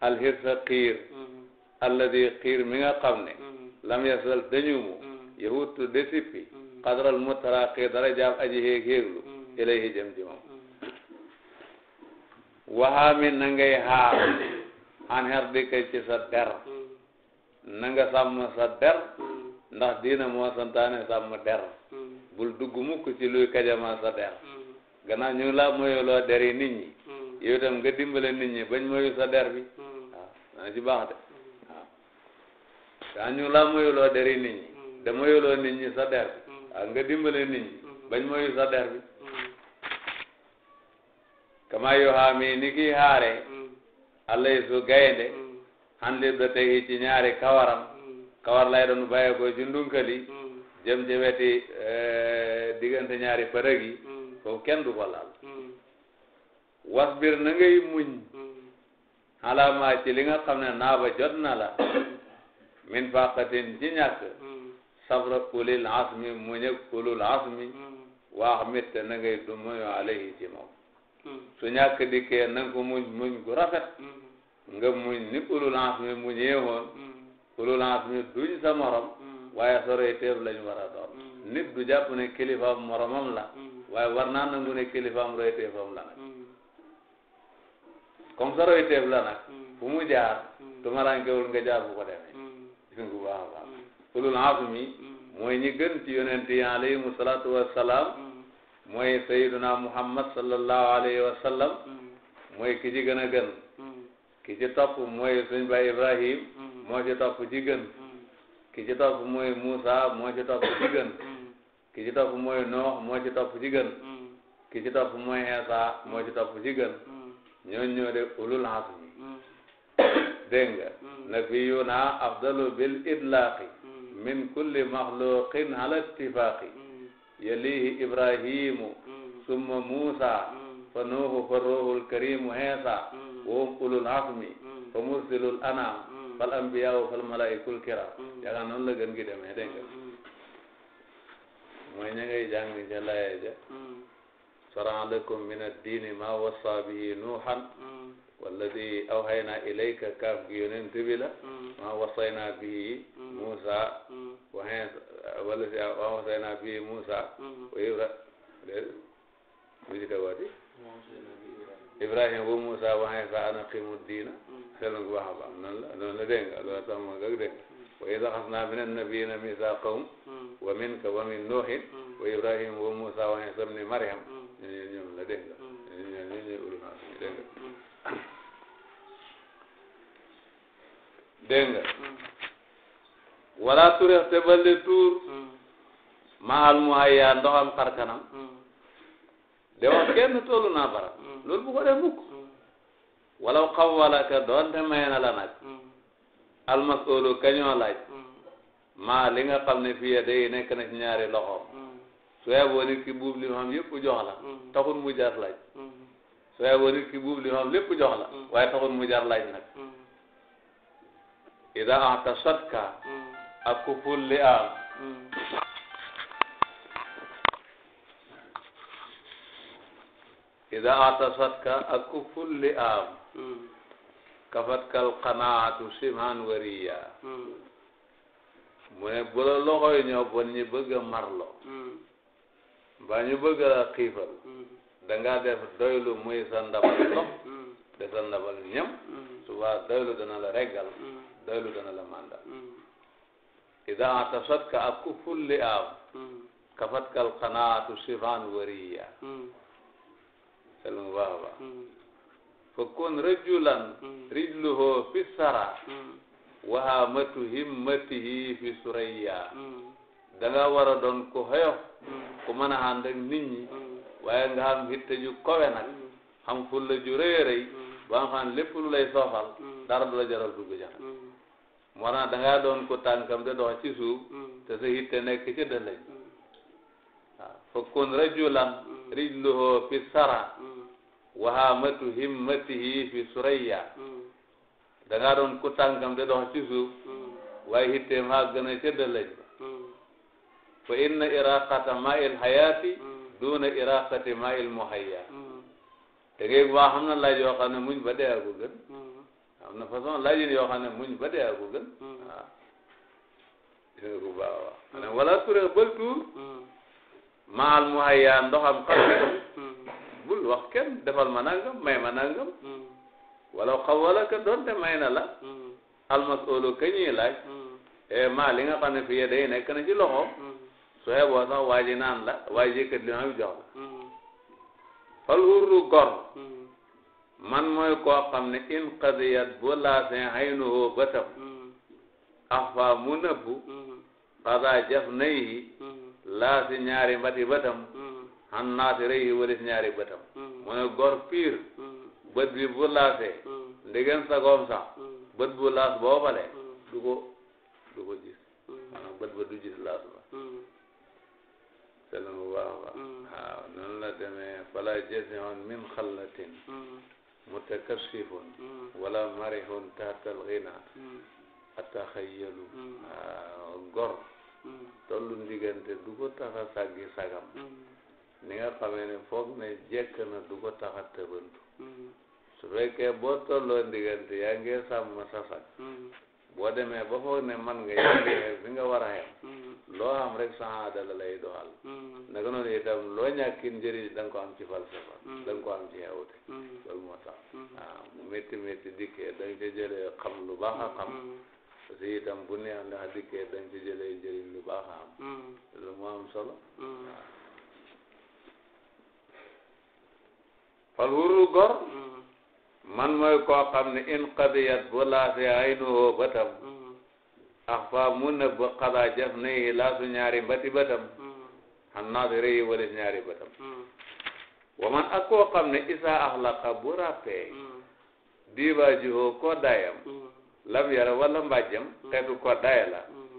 alxirsa xiir alladi xiir mi nga xam ne lam yasal dañu mu yahuttu di sippi qadral mutaraqi darajaam aji héeg héeglu hmm. ilayhi jëm ci moom hmm. waxaami na ngay xaar an her dikka ci sa der hmm. na nga sàmm sa der ndax diina moo santaane sàmm der bul dugg mukk ci luy kajama sa der gannaaw ñu ngi laa moyuloo der yi nit ñi yow itam nga dimbale nit ñi bañ moyu sa der bi waaw dana ci baax de waaw gannaaw ñu ngi laa moyuloo der yi nit ñi da moyuloo nit ñi sa der waaw nga dimbale nit ñi mm-hmm. bañ mooy sa der mm-hmm. kama yoo xaamee ni kii xaare mm-hmm. allay su gaynde xan lib da tey ci kawaram kawar lay doon bàyyi ko ci ndunkali jëm ci weti eh, diggante ñaari përëg yi foofu kenn du ko laal wasbir na ngay muñ xalaamaa ci li nga xam ne naa ba jot na la min faqatin ci ñàkk sabra ulil azmi muñ ak ulul azmi hmm. waax mit te na ngay du muñu alayhi ci moom hmm. su ñàkk dikkee ko muñ muñ gu rafet hmm. nga muñ ni ulul azmi muñee woon ulul azmi duñ sa morom waaye soroy teef lañ war a doon nit du jàpp ne kilifaam mu la waaye war naa nangu ne kilifaam roy teefam la nag comme sa roy teef la nag mu jaar du marankewul nga jaar bu ko demee gis nga bu baax a baax ulul azmi mooy ñi gën ci yonent yi alayhimu salaatu wa salaam mooy sayyiduna muhammad sallallahu alayhi wa sallam mooy ki ci gën a gën ki ci topp mooy suñ ba ibrahim moo ci topp ci gën ki ci topp mooy ci topp ci gën ki ci topp mooy ci topp ci gën ki ci topp mooy ci topp ci gën ñooñu ñoo ulul azmi dégg nga mm. afdalu bil idlaaqi min kulli maxluqin ala ittifaqi mm. yalihi ibrahimu mm. summa musa mm. fa nuuhu fa ruuhul karimu heesa wa hum ulul azmi fa mursilul anam fal anbiyau fal malaikul kiram yaakaar noonu la gën gi demee dégg nga mooy ña ngay jàng ca laye ja shar'a lakum min ad-dini ma wassa bihi nuuhan walladi awhayna ilayka kaaf gi yonent bi la ma wasayna bihi Musa wahen walladi ma wasayna bihi Musa wa ibra musika wati Ibrahim wa Musa wahen sa ana qimu diina selon ko waxa baax noonu la noonu la dégg nga loolu tax ma gag dégg wa id axadna min annabiyina misaqahum wa minka wa min nuuhin wa Ibrahim wa Musa wahen sabni Maryam ñoom la dégg nga dégg nga hmm. wala turex te balle tuur hmm. mahal mu hayyaa ndoxam xar kanam hmm. de wax kenn tollu naa barab loolu bu ko def mukk walaw xawwalaka doonte may na la nag almasolu kañoo laaj maa li nga xam ne fii day nekk na ci ñaari loxoom su yeboo nit ki buub li mu xam yëpp jox la taxul mu jar laaj su yeboo nit ki buub li mu xam lépp jox la waaye taxul mu jar laaj nag ida atasatka hmm. ak ku fulli am hmm. ida atasatka ak ku fulli am hmm. kafatkal qanaatu siman wariya mu ne bu la loxoy ñoo bon ñu bëgg marlo mbaa ñu bëgg a xiifal danga def doylu muy sa ndabal lox de sa ndabal ñam suba doylu dana la reggal doylu dana la manda hmm. ida atasat ka ak ku fulli am hmm. kafat kal qanaatu sifaan wariya hmm. sel mu baax baax fa kun rajulan rijluhu fi sara wahamatu himmatihi fi suraya da nga war ku xëyof ku mën a ànd ak ñi waaye nga xam kowe nag xam fulla ju rëy a rëy ba lay soofal dara du la jaral dugg jaxan moo tax da doon ko tànkam de dox ci suuf mm. te sa yitte nekk ci dëllëj mm. waaw fakkun rajulan mm. rijluhu fi sara wahamatu himmatihi fi suraya da doon ku tànkam de dox ci suuf waaye hitteem àgg na ca dëllëj ba fa inna iraqata ma il hayati duna iraqati ma il muhayya te géeg xam na laaj yoo xam ne muñ ba dee a gën am na façon laajin yoo xam ne muñ ba dee ak ko gën waaw dina ko baax a wax hmm. tuur hmm. maal mu hayyaa ndoxam hmm. bul wax kenn defal ma nangam may ma nangam wala xawala ka doonte may na la almasolo ka ñuy laaj e eh, maa li nga xam ne fi day nekk na ci loxo su xeboo sax waa ji naan la waa ji yëkkat ma bi jox la fal hurru gor man mooy koo xam ne in qadiyat bu laasin haynuhu bëtam mm-hmm. afa mu nëbbu qada mm-hmm. jaf nayi mm-hmm. laasi ñaari mbati bëtam xan naati rëyi walis ñaari bëtam mu ne gor piir bët bi bu laasee ndegem sagoom sax bët bu laas boobale du ko du ko gis maanaam bët du gis laas ba selum bu baax a baax la demee fala jesi on min xallatin mutakashifun wala marihun tahtal ghina ataxayyalu gor tollu ndigante du ko taxa saggi sagam ni nga xamee ne foog ne jekk na du ko taxa tëbantu su fekkee boo tolloo ndigante yaa ngi sàmm sa sag boo demee ba foog ne man nga yem bi nga war a mm-hmm. loo am rek saada la lay doxal mm-hmm. naka noonu itam loo ñàkki njëriñ da nga ko am ci falsafa mm-hmm. da nga ko am ci xewte loolu moo tax waaw mu métti métti dikkee da nga xam lu baax a xam parce itam bu neex ndax dikkee da nga ca jëlee lu baax a am loolu moo am solo fal wuru gor man mooy koo xam ne in qadiyat bu laasee aynuhu bëtam mm-hmm. ax fa mu nëbb xadaa jëf nayi laasu ñaari mbati bëtam xan mm-hmm. naasiri yi walis ñaari bëtam mm-hmm. wa man ak koo xam ne isa axlaqa bu ràppee diiba jiho lam yara wala mbàjjam xeetu ko la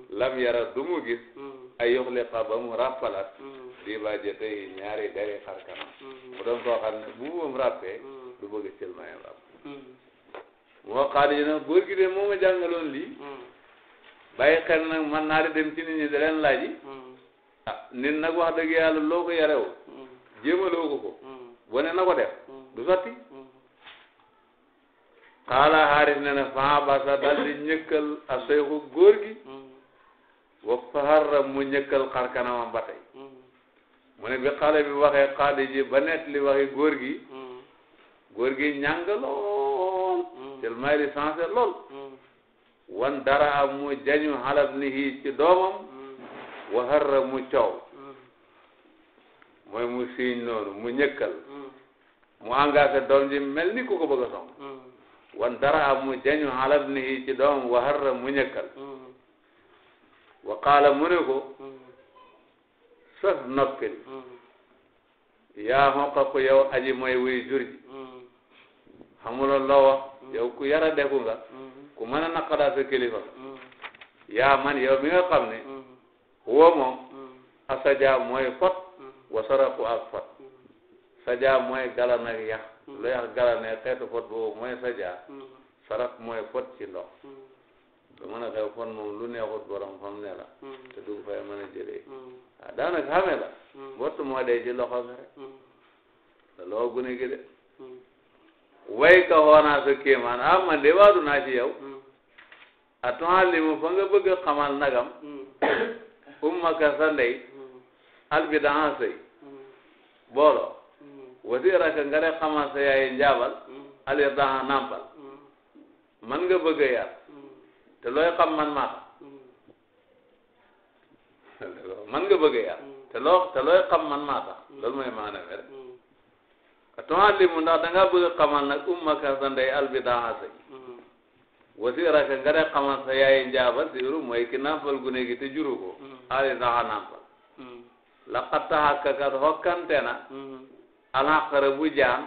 lam yara du mu gis ay yuxliqa ba mu ràppalat diiba tey ñaari dayi xar mu doon koo xam ne bu mu ràppee du bëgg cël maayam am hmm. moo xaar yi nag góor gi de moo ma hmm. nag man naa di dem ci nit ñi da laaj hmm. ah nit nag wax dëgg yàlla loo ko yarew jéemaloo ko ko bone na ko def du sotti xaala xaaris ne na faabasa dal di ñëkkal a soy ko góor gi wa faharra mu ñëkkal xar kanamam ba tey mu ne bi xale bi waxee xaadi ji ba nett li waxi góor gi góor gi ñàng lool mm. jël may licence lool mm. wan dara am mu jañu xalab ni hii ci doomam mm. waxarra mu coow mooy mu siiñ noonu mu ñëkkal mu engagé doom ji mel ni ku ko bëgg a song wan dara am mu jañu xalab ni hii ci doomam waxarra mu ñëkkal wa mu ne ko sëf noppil yaa xoqa ko yow aji mooy wuy jur xamuloo la wax mm. yow ku yara deku nga mm. ku mën a sa kilifa mm. yaa man yow mi nga xam ne huwa moom a saja mooy fot wa saraku saja mooy galan ak yax lu yax galanee xeetu fot boobu saja sarak mooy fot ci ndox lu mën a xew fon moom lu neexut borom xam ne la te du fay mën a jëlee ah daanaka xame la mbott moo dee loo gune de way ka xoonaa sa kéemaan ah man de waadu naa ci yow atuallimu fa nga bëgg a xamal nagam ummaka sa ndey albidaa sëy boolo wasiraka nga de xamal sa yaay njaabal alirdaa nampal man nga bëgg a yar te looy xam man maa xam man nga bëgg a yar te loo te man maa tax loolu mooy maanaam tuallimu ndax da ngaa bëgg a xamal nag ummaka sa ndey albidaa hmm. sa wasiraka nga de xamal sa yaay njaaba siiru mooy ki nàmpal gune gi te juru ko hmm. ali saxa nàmpal hmm. laqad taxakkakat hokkante na alxaqara bu jaan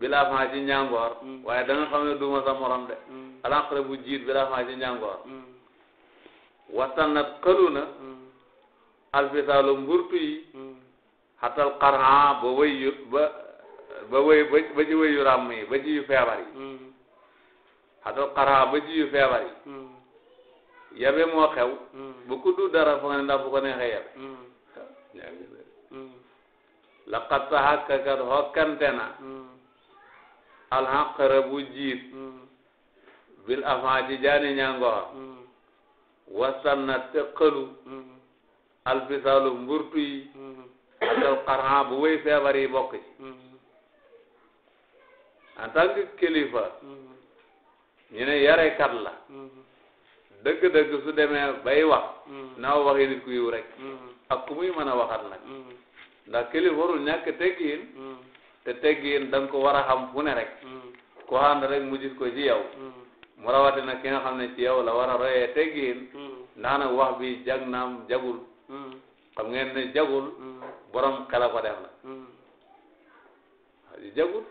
bila faa ci ñàngoor waaye da duma sa morom de alxaqara bu bila faa ci ñàngoor watanat xalu na alfisaalu mburtu yi xatal xarxan ba wëy ba ba wéy ba ba ci wéyu ràmm yi ba ci yu feebar yi hmm. xatul xaraa ba ci yu feebar yi hmm. yabe moo xew hmm. bu ku du dara fa nga ne ndax bu ko neexee yabe laqad taxakkakat hokkante na alxaqara bu jiit bil afan ci jaani ñàngoor wasan na tëqalu alfisalu mburtu yi xatul xaraa bu wéy feebar yi bokk ci en tant que kilifa mm-hmm. ñu ne yarekat la mm-hmm. dëgg-dëgg su bay wax mm-hmm. naa waxi ku yiw rek ak ku muy mën a waxat nag ndax kilifa warul ñàkk te teggiin da ko war a xam fu ne rek ku ànd rek mu ko ci yow mu rawatina ki nga xam ne ci yow la war a royee teggiin ndax nag wax bi jag naam jagul xam ngeen ne jagul borom xel a ko def jagul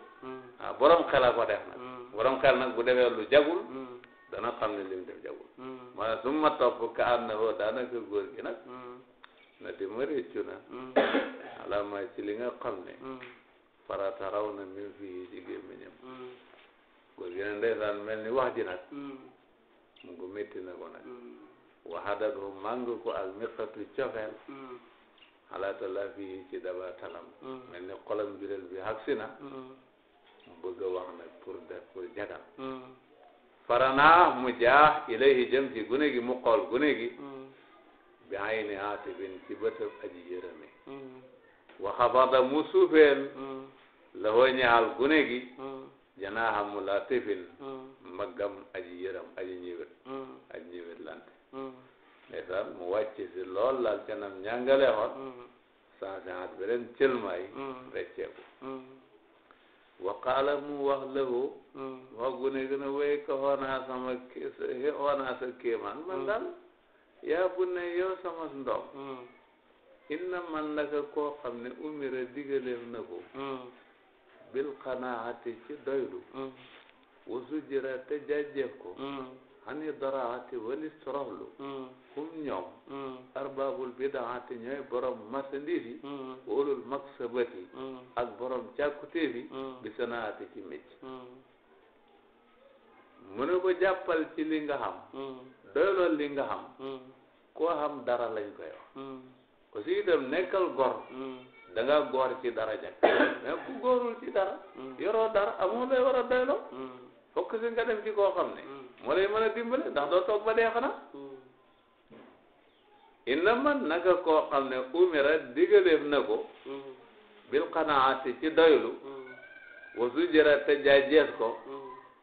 ah borom a ko def nag. Hmm. borom xel nag bu defee lu jagul. Hmm. dana li def jagul. maanaam su ma topp ka na woo daanaka góor gi nag. Hmm. di ma réccu na. alama ci li nga xam na min fii ci gémmiñam. góor gi nag ndeysaan mel ni wax ji nag. mu ngi métti na ko nag. waxadat ko ak miqatu cofeel. xalaata la fii daba talam. mel ni xolam bi bi xagsi mu wax nag pour de pour jagal hmm. farana mu jaax ilayhi jëm ci gune gi mu xool gune gi hmm. bi ay ni aatibin ci bëtëb aji yërëme hmm. waxafada mu suufeel lahoo ñaal gune gi janaaxa mu laatifin mbaggam aji yërëm aji ñiwet aji ñiwet lante mu wàcce si lool laal canam ñàngale xoon sans bi ren cëlmaay recceeku waqaala mu wax lahu hmm. wax gu ne gën a wéy ka xoonaa sama xoonaa sa kéemaan man hmm. daal yaa bu ne yow sama ndoom hmm. inna man naka koo xam ne umira digaleem na ko bil qanaati ci doylu wasu jira te jàjjeef ko hani daraati walis toroxlu mm. hum ñoom mm. arbabul bidaati ñooy borom marchandise yi mm. wóolul mag sabati ak borom càkkutéefi bi sanaati ci mécc mu ne ko jàppal ci li nga xam doylool li nga xam koo xam dara lañ koy wax aussi itam nekkal gor da nga góor ci dara jag mais ku góorul ci dara yoroo dara amoo lay war a doyloo fokk ci koo xam moo lay mën a dimbale ndax doo toog ba dee xanaa inna man naka koo xam ne umira digaleef na ko bil qanaati ci doylu wasu jëra te jaajees ko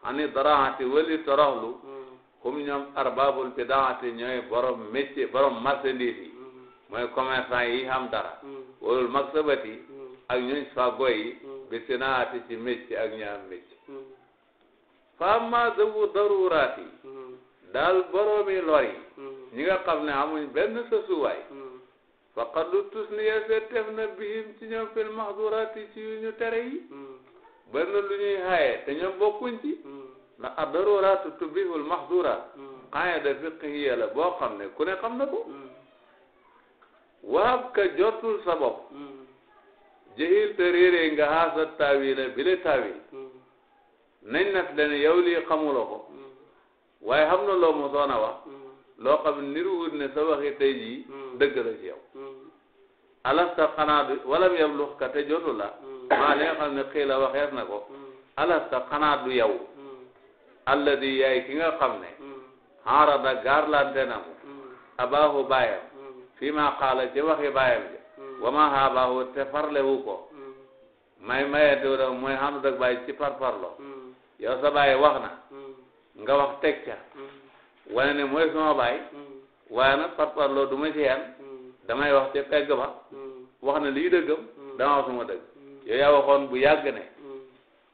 ani daraati wali toroxlu comme ñoom arbabul bidaati ñooy borom métier borom marchandise yi mooy commerçant yi xam dara walul maksabati ak ñuñ fagoy yi bi sinaati ci métier ak ñaam métier faama zabu daruraati hmm. daal boroomi lor yi hmm. ñi nga xam ne amuñ benn sësuwaay hmm. faqad tusniya seetef na bihim ci ñoom fil mahduraati ci yu ñu tere yi benn lu ñuy xaaye te ñoom bokkuñ ci ndax a daruraatu mahduraat qaida fiqhiya la boo xam ne ku ne xam na ko waab ka jotul sa bopp jahil te réeree nga xaasa taawila bile taawil nañ nat la ne yow lii xamuloo ko waaye xam na loo mu doon a wax loo xam ni niru wut ne sa waxi tey jii dëgg la ci yow alasta xanaa du wala mu yem lux ka te la maa li xam ne xii la waxees na ko alasta xanaa du yow alladi yaay ki nga xam ne xaarada gaarlante na mu abaahu baayam fii maa xaala ci waxi baayam ja wama xaabaahu te farlewu ko may mayete wu mooy xandu dak bàyyi ci parparlo yow sa baay wax na hmm. nga wax teg hmm. wane ne mooy sama baay hmm. waaye nag par par loolu ci yan damay wax ca pegg ba wax na lii dama suma dëgg yow yaa waxoon bu yàgg ne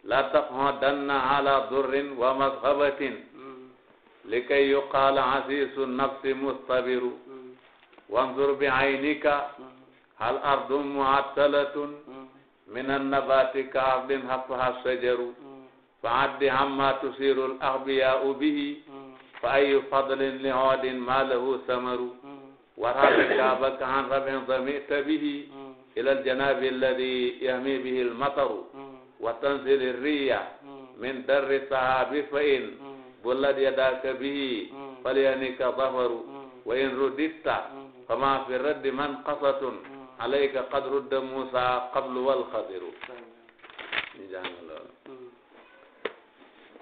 la taq'udanna ala durrin wa masxabatin likay yuqaala asiisu nafsi mustabiru wanzur bi aynika hal ardun mu'attalatun min annabati ka ardin habbaha shajaru fa addi hamma tusiru l axbiyau bihi fa ayu fadlin li hoodin ma lahu samaru warhabi kaabaka han rabin damita bihi ila aljanabi alladi yahmi bihi almataru wa tanzili riya min darri sahabi fa in bullad yadaka bihi falyanika dafaru wa in ruditta fama fi raddi man qasatun alayka qadru damusa qablu walxadiru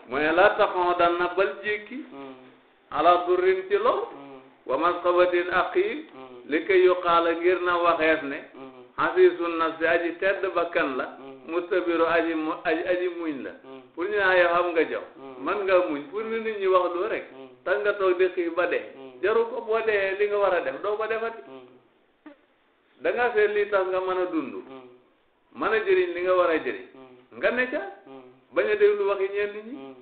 mu ne la taxon dan na bal jékki mm. ala durrin ci lor mm. wa masxabatin aqil mm. li koy yuqaala ngir na waxees ne xasisun na si aji tedd bakkan la mustabiru aji mu aji muñ la pour ñu naa yow xam nga jox man nga muñ pour ni nit ñi wax lu rek tax nga toog di xii ba dee jaru boo dee li nga war a def doo ko defati da nga seet lii tax nga mën a dund mën li nga war a jëriñ nga ne ca bañ a déglu waxi ñenn ñi hmm.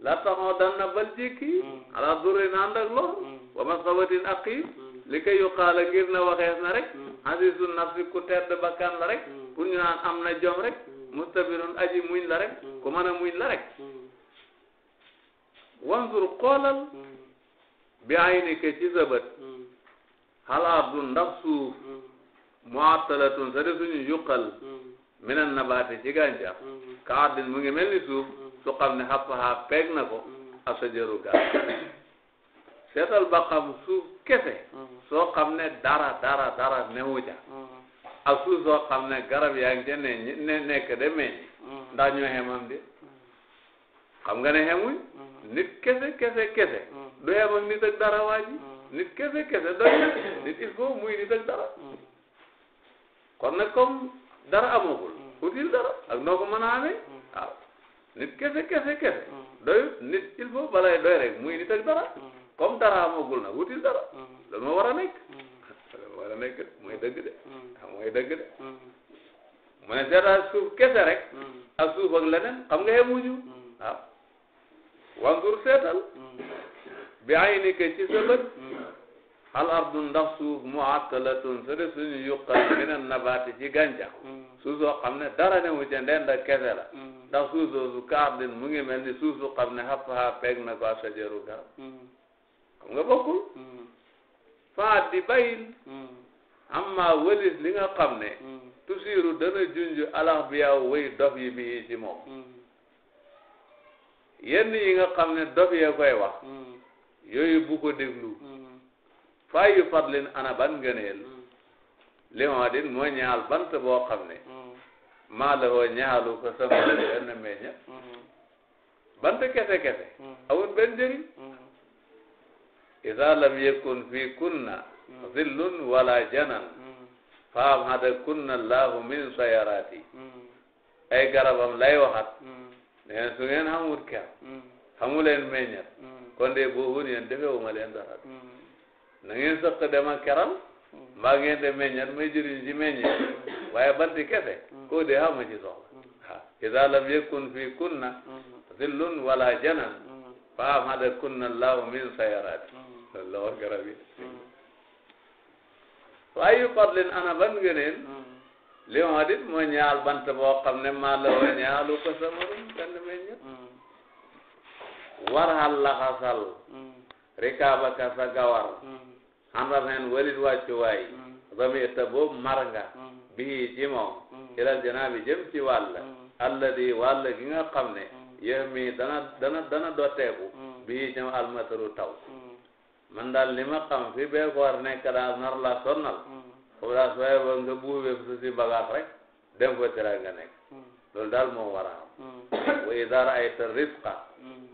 la taxoo dan na bal jékki hmm. ala durri na ànd ak lor hmm. wa masqabatin aqib li ko yuqaala ngir ne waxees na rek asisu nafsi ku tedd bakkan la rek pour ñu naan am na jom rek mustabirun aji muñ la rek ku mën a muñ la rek wanzur xoolal bi aynika ci sa xalaat du ndax suuf muattalatun sa de suñu yuqal minan nabaati di gàncax mm-hmm. ka ardin mu ngi mel ni suuf mm-hmm. su xam ne xappaxaa peeg na ko mm-hmm. asajaru ga seetal ba xam suuf kese soo xam ne dara dara dara newu ja ak suuf soo xam ne garab yaa ngi ne nekk de meññ ndax ñoo xemam di xam nga ne xemuñ nit kese kese kese du xem ak dara waa ji kese kese doy na nit il faut muy dara kon nag dara amagul mm. util dara ak noo ko mën a amee mm. waaw nit kese kese kese mm. doyut nit il faut balay doy rek ak dara comme dara amagul nag util dara loolu ma war a nekk loolu war a nekk mooy dëgg de waaw ah, mooy dëgg de mu ne seetal suuf kese rek ak suuf xam nga bi ay ni sa bët hal ardu ndax suuf muakkalatun su dee suñu yuqal mina nabaati ci gàncax mm. suuf xam ne dara ne wu ca ndend ak kese la mm. ndax suuf soosu ka ardin mu ngi mel ni ne xappaha peeg na ko asajaru garab mm. xam nga bokkul fa di bayil amma wëlis li nga xam ne tusiru dana junj alax bi yaaw wéy dof yi bi ci moom yenn yi nga xam ne dof yee koy wax yooyu bu ko déglu fayu a ana ban ngëneel hmm. li ma din moo ñaal bant boo xam ne hmm. maa la woo ñaalu ko sama benn meñña hmm. bant kese kese amul benn isa lam yakun fi kunna zillun wala janan faam hada kunna allahu min sayarati ay garabam lay waxat neen su ngeen xamul ker xamuleen meññat kon de boo hun yéen defewuma leen dara na ngeen sëq dem ak keram mbaa ngeen de meññat may jëriñ ci meññeet waaye banti kese koo dee xama ci soxla waaw idaa lam yakun kunna zillun wala janan fa amada kunna allahu min sayaraati loolu la garab yi waaye yu fadlin ana ban ngëneen li ma dit moo ñaal bant boo xam ne maa la ñaalu ko samarum kenn meññat war hal laxasal rikaabaka sa gawar xam nga ren walit wàccuwaay. ramita hmm. boobu mar nga. bii ci moom. janaa bi hmm. jëm ci wàll. Hmm. alladi wàll gi nga xam ne. yéen mi dana dana dana bi bii ci almataru taw. man daal li ma xam fi bee koor nekk daal nar la sonnal. foofu daal sooy nga buubee su si bagaas rek dem fa tira nga nekk. loolu daal moo war a am. wa idaa raayta rifqa.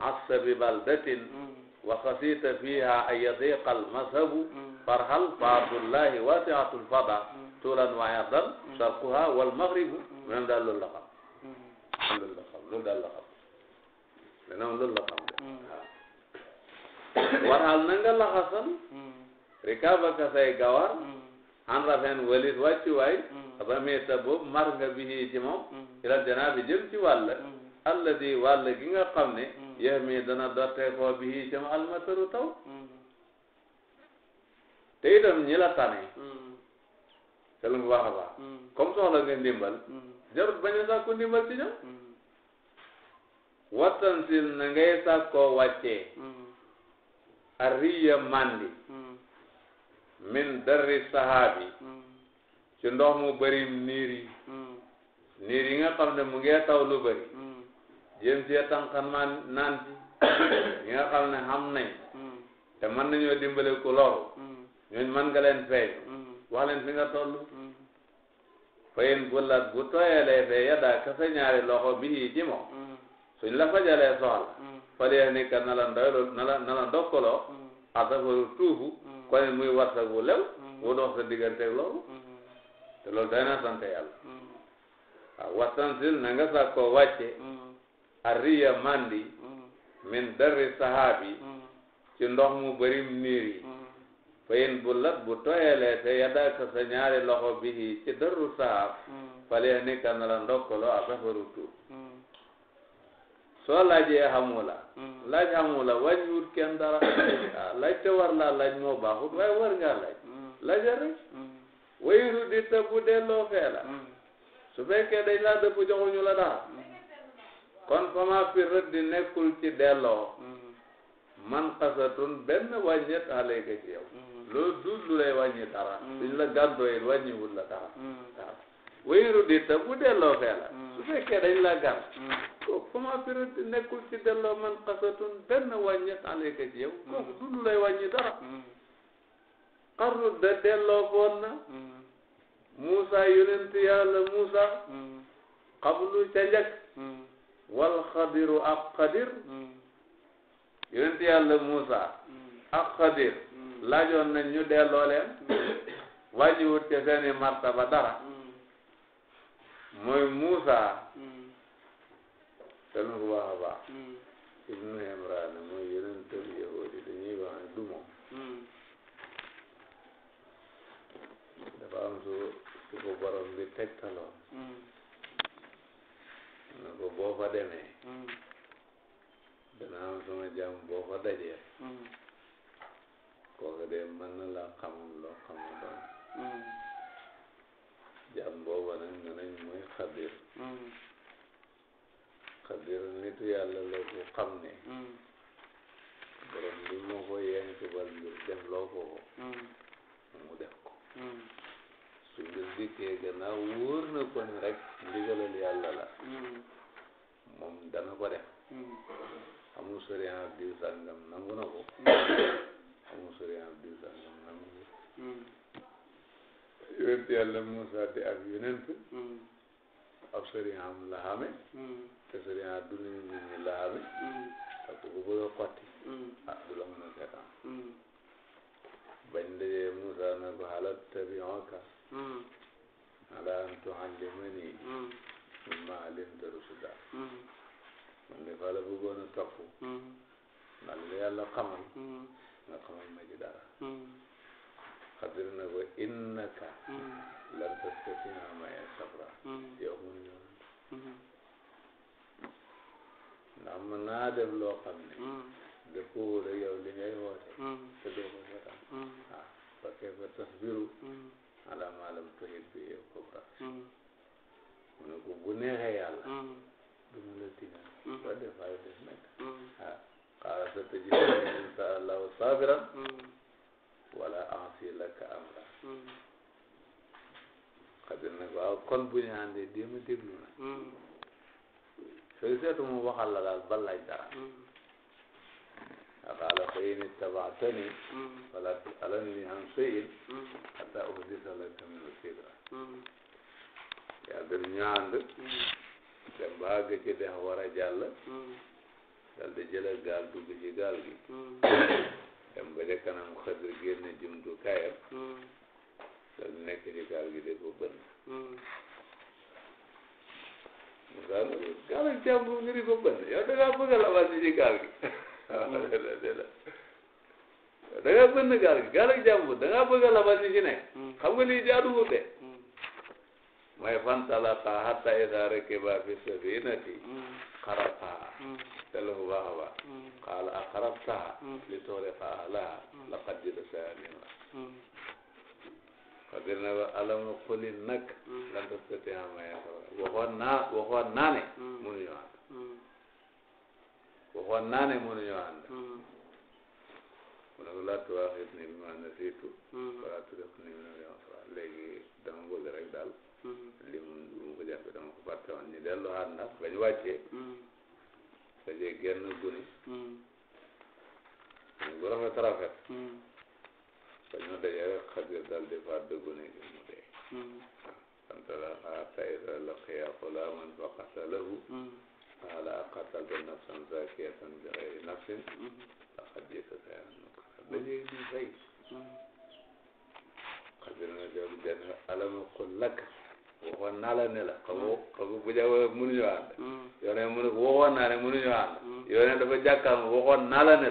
asabi baldatin wa xasiita fiiha an yadiqa almashabu farhal fa abdullahi wasiatul fada tuulan wa ardan sharquha walmaghribu mu ne daal loolu la xam loolu la xam loolu daal la xam danaam loolu la xam de waaw warhal na nga laxasal rikaabaka say gawar han rafen walit wàccuwaay rameta boobu mar nga bihi ci moom ila janaabi jëm ci wàll alladi wàll gi nga xam ne yéen mi dana dottee koo bii jëm almataru taw. te itam ñi la tànnee. te lu mu baax ndimbal. jarut bañ a ndimbal ci ñoom. wattan si na ngay sàkkoo wàccee. arriya mandi. min darri sahaabi. ci ndox mu bëri niir yi. niir yi nga xam jëm ci tànqa naan naan ci ñi nga xam ne xam nañ mm. te mën nañoo dimbale ku loru mm. ñooñ mën nga leen feeñ mm. wax leen fi nga toll fayin bu lat bu tooyalee fee yaddaa ka sa ñaari loxo bii ci moom suñ la fajalee soxla falee ni ka na la ndoylu na la na la ndokkaloo asafaru tuufu muy warsak wu lew wu dox sa digganteeg loolu te loolu day na sant yàlla na nga sa koo wàcce arriya mandi mm-hmm. min darri sahaabi mm-hmm. ci ndox mu bërim niir yi fayin mm-hmm. bu lat bu tooyalee te yadaka sa ñaari loxo bihi ci darru sahaab fale ni ka la ndokkaloo a safaru tuub soo laajee xamula laaj xamula wàññiwut kenn dara ah, laaj te war laa laaj moo baaxut waaye war ngaa laaj laaja rek wayu di tëbbu delloo fee la su fekkee dañ laa dëpp joxuñu la dara kon fama fi rëddi mm-hmm. mm-hmm. mm-hmm. nekkul ci delloo man xasatun benn wàññet alayka ci yow loolu duut lay wàññi dara duñ la gàddoo it wàññiwul la dara waaw wéyru di bu delloo fee la su fekkee dañ la gàdd kooku fama fi nekkul ci delloo man xasatun benn wàññet alayka ci yow kooku duut lay wàññi dara xarru da delloo boon na Moussa yonent yàlla Moussa xablu ca njëkk wal xadiru ak xadir yonent yàlla Moussa ak xadir laajoon na ñu delloo leen wàññiwut ci seeni martaba dara mooy Moussa telma ko baax a baax ibnu Imraan mooy dañuy wax ne du moom dafa am su su ko borom bi tegtaloon ko boo fa demee hmm. dana am sama jàmm boo fa dajee hmm. kooku de mën na la xamul loo xamul doon hmm. jàmm booba nag nga nañ mooy xadir xadir nitu yàlla la ko xam ne borom bi moo ko yeen tubal ngir def loo ko mu def ko su ngir dikkee gannaaw wóor na ko ne rek ndigalal yàlla la moom dana ko def hmm. amul suriyaan diw sangam nangu na ko hmm. amul suriyaan diw sangam nangu na ko hmm. yonent yàlla Moussa di ab yonent ab suriyaan la xame te suriyaan du nit ñi la xame parce que bu bëgg a xotti ah du la mën a seetaan bañ dajee Moussa ne ko xalaat tabi'aka ala an tuallimani min ma alimta rushda mm-hmm. man de fa la bëggoon a topp mm-hmm. ndax li yàlla xamal mm-hmm. nga xamal ma ci dara xadir na ko innaka lan tastatina maya sabra yow mun ñoon ndax mën naa def loo xam ne dëppoo la yow li ngay woote te doo ko seetaan ah fa kayfa tasbiru ala ma lam tuhit bi yow kubra mu ne ko bu neexee yàlla mm. du ma la tiital mm. ba def ay def nekk mm. ah xaaral sa tëji insha allahu sabiran wala ansi laka amra xadir ne ko waaw kon bu ñu àndee dee ma déglu na sooy seetu mu waxal la daal ba laaj dara قال فإن اتبعتني فلا تسألني عن شيء حتى أحدث لك منه ذكرا yàlla def ñu dem ba àgg ci war a jàll hmm. dal di jëla gaal dugg ci gaal gi hmm. dem ba ca kanam xadir génne jumtukaayam hmm. dal nekk ci gaal gi de ko bënn gaal ak jàmbur nga di ko bënn yow da ngaa bëgg a labal ci gaal gi da ngaa bënn gaal gi gaal ak jàmbur da ngaa bëgg a labal ci mooy fantalaka hatta ida rakiba fi sabinati xarabtaha hmm. hmm. tellu bu baax hmm. a baax qaala a xarabtaha li tuxriqa ahlaha laqad jita saamina xadir na ba alama xuli nag lan tastatiha maya sabra waxoon naa waxoon naa ne mënuñu ànd waxoon naa ne mënuñu ànd mu ne ko laa tuwaaxit ni bi ma nasiitu wala turiq ni bi ma léegi dama bëgg rek daal li mu li mu ko jàppee dama ko fàtte woon ñu delluwaat ndax bañ wàccee dajee mm-hmm. genn guni ñu mm-hmm. bu rafet rafet mm-hmm. ba ñu dajee rek xajir dal di fàdd guni gi mu dee fantalaqa hatta iza laqiya ghulaman fa qatalahu waxoon ne la kooku kooku bu jawe mënuñu ànd mm. yow ne mënu waxoon naa ne mënuñu ànd mm. yow ne dafa jàkkaarloo waxoon naa la ne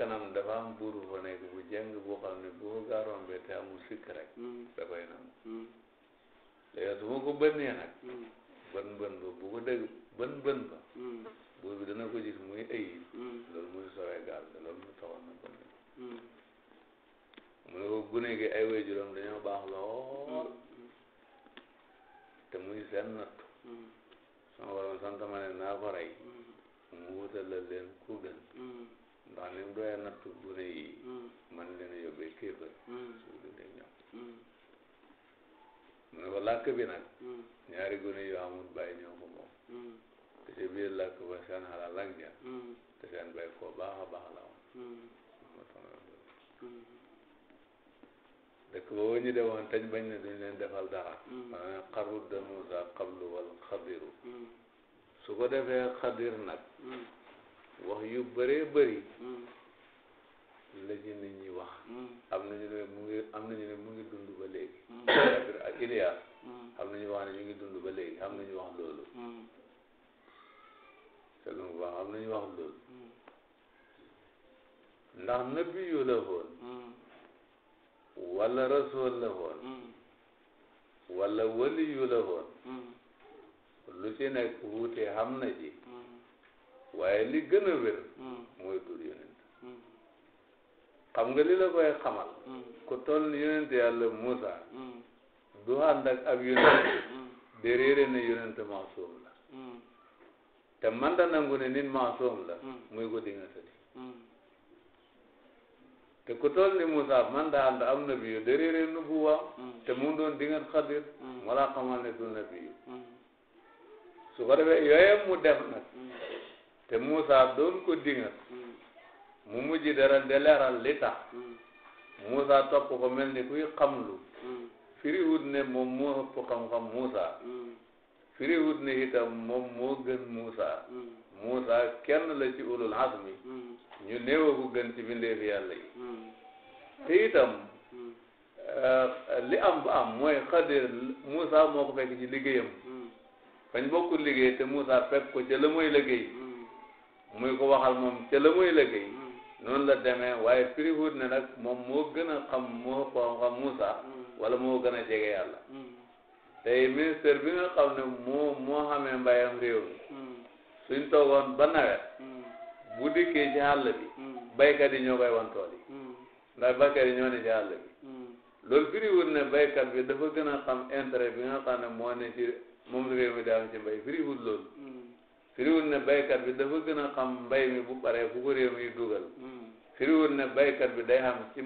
kanam dafa am buur bu fa nekk bu jeng bu xam ne bu ko gaaroon bi te amul sikk rek hmm. da koy nangu hmm. léegi su ma ko nag hmm. bën bën ba bu ko dégg bën bën ba buur bi dana ko gis muy ayib loolu muy soree gaal te loolu mu taxoon na bën mu ne ko gune gi ay way juróom dañoo baax lool te muy seen nattu sama borom sant ma ne naa ko rey mu wutal la leen ku gën ndax li mu doyee yi man hmm. leen a yóbbee kéefër su dundee ñoom hmm. mu ne ko làkk bi nag hmm. ñaari gone yoo amul bàyyi ñoo moom te ci biir làkk ba seen xalaat lak te seen bàyyi foo baax a baax la woon dëkk boobu ñu demoon tañ bañ ne duñ leen defal dara maanaam xarut de Moussa xablu wal xadiru su ko defee xadir nag wax yu bëree bëri la ci nit ñi wax hmm. am nañu ne mu ngi am nañu ne mu ngi dund ba léegi hmm. ak hmm. wax ne ñu ngi dund ba léegi am nañu wax loolu selon bu baax am nañu wax loolu ndax nabi yu la woon wala rasul wala wali yu la woon ji waaye li gën a wér hmm. mooy dur yonent hmm. xam nga li la koy xamal hmm. ku toll ni yonent yàlla Moussa du ànd ak ab yonent de ne yonent maasum la te man nangu ne nit maasum la muy ko dinga sëdi te ku toll ni Moussa man daa ànd am nabiyu de réere nubuwa te mu doon dinga xadir moo laa xamal ne du nabiyu su ko defee yooyam mu def nag te Moussa doon ko dinga mu mujj dara de leeral li tax Moussa topp ko mel ni kuy xamlu firiwut ne moom moo ëpp xam-xam Moussa firiwut ne itam moom moo gën Moussa Moussa kenn la ci ulul azmi ñu néewa ko gën ci bindeefi yàlla yi te itam euh, li am ba am mooy xadir Moussa moo ko fekk ci liggéeyam fañ bokkul liggéey te Moussa fekk ko ca la mooy liggéey muy ko waxal moom ca la muy liggéey noonu la demee waaye firiwut na nag moom moo gën a xam moo ko xam Moussa wala moo gën a jege yàlla tey ministère bi nga xam ne moo moo xamee mbayam réew mi suñ toogoon ba nawet bu dikkee ci àll baykat yi ñoo koy wan tool yi ndax baykat yi ñoo ne ci bi loolu firiwut ne baykat bi dafa gën a xam intérêt bi nga xam ne moo ne ci moom réew mi daa am ci mbay firiwut loolu firiwul ne baykat bi dafa gën a xam mbay mi bu ko réew mi dugal hmm. firiwul ne baykat bi day xam ci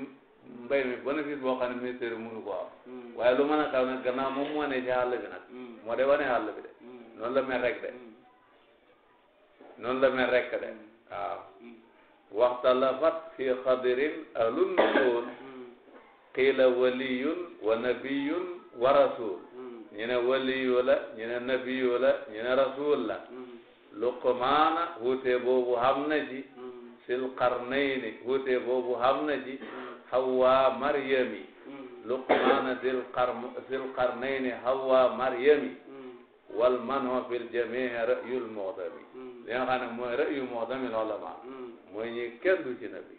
mbay mi bénéfice boo ne ministère mënu ko am hmm. waaye lu mën a xaw nag moom moo ci àll bi hmm. moo de wane àll de noonu la mel de noonu la mel rek de waaw waxtalafat fi xadirin ahlun nusuul qiila waliyun wa nabiyun wa rasul ñu ne waliyu la ñu ne nabiyu rasul la luqmaana wuute boobu xam ji sil qarnayni wuute boobu xam na ji hawa maryami luqmaana sil qar hawa maryami wal manhu fil jamii ra'yul mu'dami li nga xam mooy ra'yul mu'dami loola ma mooy ñi kenn du ci nabi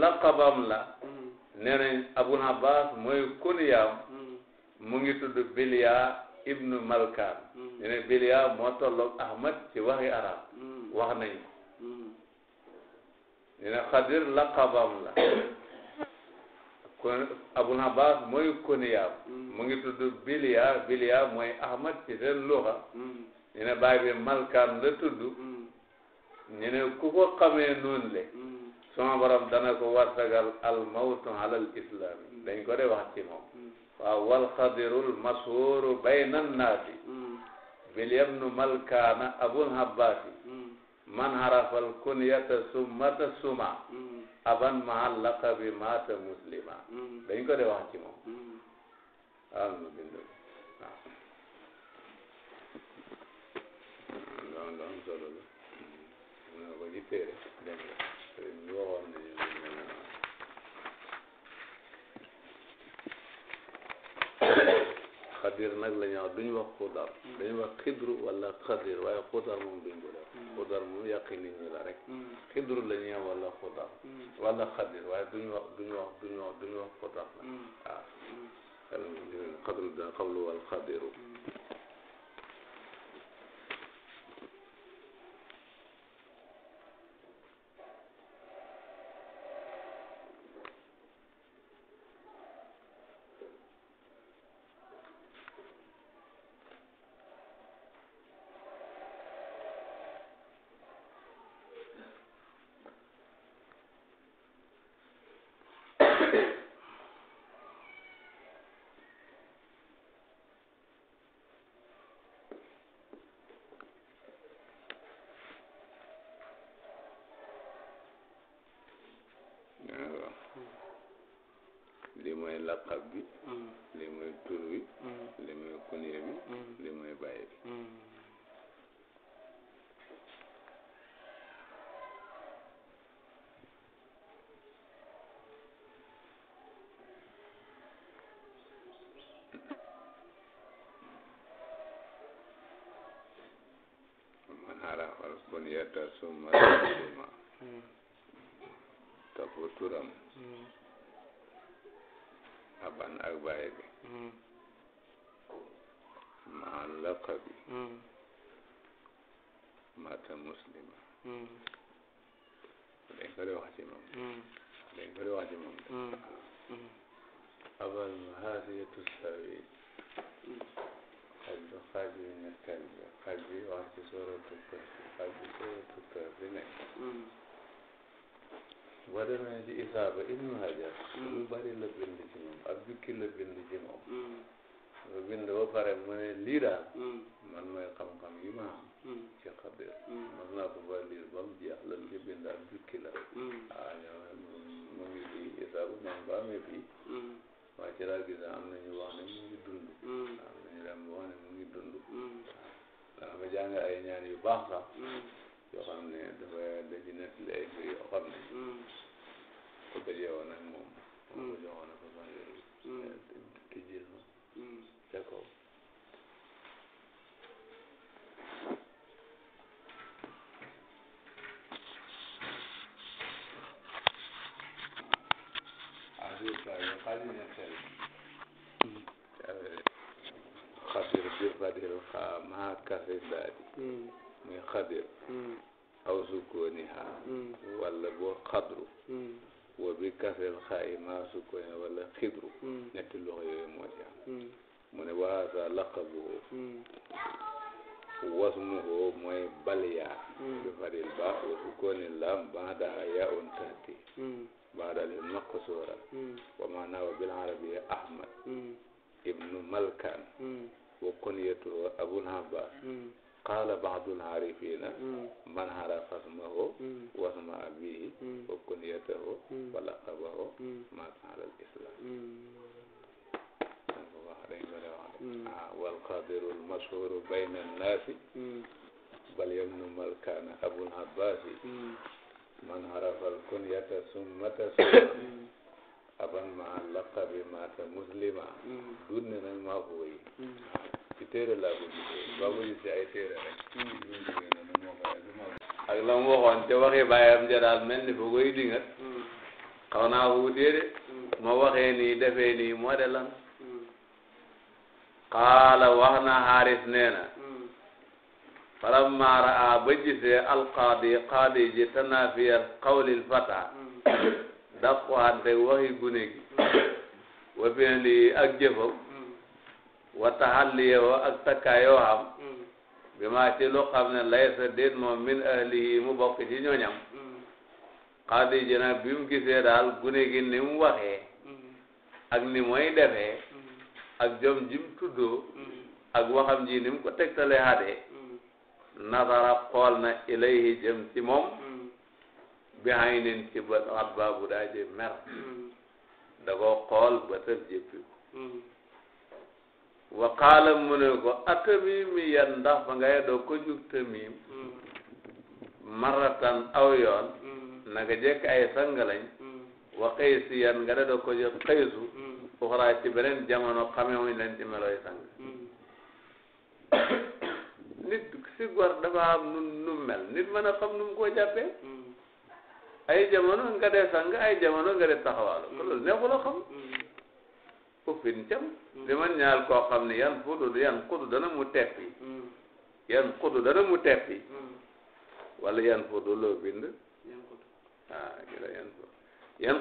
laqabam la nee nañ abbas mooy kuniyaam mu ngi tudd bilya ibnu malkan ñu ne biliyaa moo tolloog ahmad ci waxi arab hmm. wax nañ ko hmm. ñu ne xadir laqabam la kon abul mooy kuniyaam hmm. mu ngi tudd biliyaa biliyaa mooy ahmad ci seen luxa ñu ne baay bi malkaan la tudd ñu ne ku ko xamee noonu le sama borom dana ko wartagal al mawtu alal islami dañ ko de wax ci moom waaw wal xadirul masuuru bayna william nu malkaana abul habbaasi man harafal kunyata summata suma aban mahal laqabi maata muslima dañ ko de wax ci moom waaw nu bind waaw loolu am solo la ñu waxoon nañu xadir nag la ñu wax duñu wax xudar dañu wax xidru wala xadir waaye xudar moom duñ ko def xudar moom yàqi nit ñi la rek xidru la ñu wax wala xudar wala xadir waaye duñu wax duñu wax duñu wax duñu wax xudar nag waaw xadru da xablu wal xadiru mooy laqab bi mm. li mooy mm. li mooy kunya mm. li mooy bàyyi bi kunya ta suma ta suma topp aban ak baay bi hmm. maa laqa bi hmm. mata muslima hmm. dañ ko di wax ci moom dañ ko di wax ci moom abal haasiyatu sawi xaj bi xaj bi ñetteel bi xaj bi wax ci soratu kër bi xaj bi soratu kër bi nekk boo demee ci Isaaba Ibnu Hajar mm. lu bari la bind ci moom ak jukki la bind ci moom mm. nga bind ba pare mu ne lii daal mm. man mooy xam-xam yi ma am ci xadir mas naa ko ba liir ba mu jeex lan ci bind ak jukki la ah ñoom mu ngi fii Isaaba moom ba amee fii waaye ci laa gis am na ñu wax ne mu ngi dund am na ñu dem wax ne mu ngi dund dana fa jàng ay ñaan yu baax sax yoo xam ne dafa daji nekk li ay mbir yoo xam ne mm. ko daje woon ak moom mm. moom ko joxoon na ko fan yooyu mm. eh, tijjil ma ca kaw xasir bi xadir xa maa kasi daadi muy xadir mm. aw sukkooniha mm. walla boo xadru mm. wa bi kasel xaayi maa sukkooniha walla xidru ñetti loxo yooyu moo ci am mu ne waasa laqabu wasmuhu mooy balya bi faril ba wa sukkooni lam baadaha yaun tahti baadal maqsuura wa maanaahu bil arabiya ahmad ibnu malkan wa kunyatuhu abul abbas qaala baadul aarifiina man arafa smahu wasma abihi wa kunyatahu wa laqabahu maata alal islam dañ ko wax dañ ko wax ah wal qadiru al mashhuru bayna annaasi bal yamnu mal kaana abul abbaasi man arafa al kunyata summata summa aban ma laqabi maata muslima dunne nag maa ko wéy ci téere laa ba mu gisee ay téere la mu waxoon te waxi bàyyam ja daal mel ni fa koy dingat xaw naa ko wutee de ma waxee nii defee nii moo wax na xaaris nee na falamma raa ba gisee alqaadi qaadi ji tanaafiya qawlil fata dàqu hante waxi gune gi wa fi'li ak jëfam wa taxalliyoo ak takkaayoo xam mm. bi maa ci lu ne lay sa déet moom min ahlihi mu bokk ci ñooñam mm. xaadi ji nag bi mu gisee daal gune gi ni mu waxee mm. ak ni mooy defee ak jom ji mu ak waxam ji ni mu ko tegtale xadee nasara xool na ilayhi jëm ci moom bi hay nin ci bët rabba bu daa ji mer da ko ba tëb jëppi wa qaala mu ne ko atamimi yan ndax ba ngay doo ko jug tamim mm. maratan aw yoon mm. naka jekk ay sang lañ mm. wa xëysi yan nga doo ko jug xëysu uxraa ci beneen jamono xamee wuñ leen ci melooy sang nit si gor dafa am nu nu mel nit mën a xam nu mu koo jàppee ay jamono nga dee sang ay jamono nga dee taxawaalu ko neexul a xam kufin cam mm-hmm. li man ñaal koo xam ne yan fudu yan kudu dana mu teppi mm-hmm. yan kudu dana mu teppi mm-hmm. wala yan fudu loo bind yan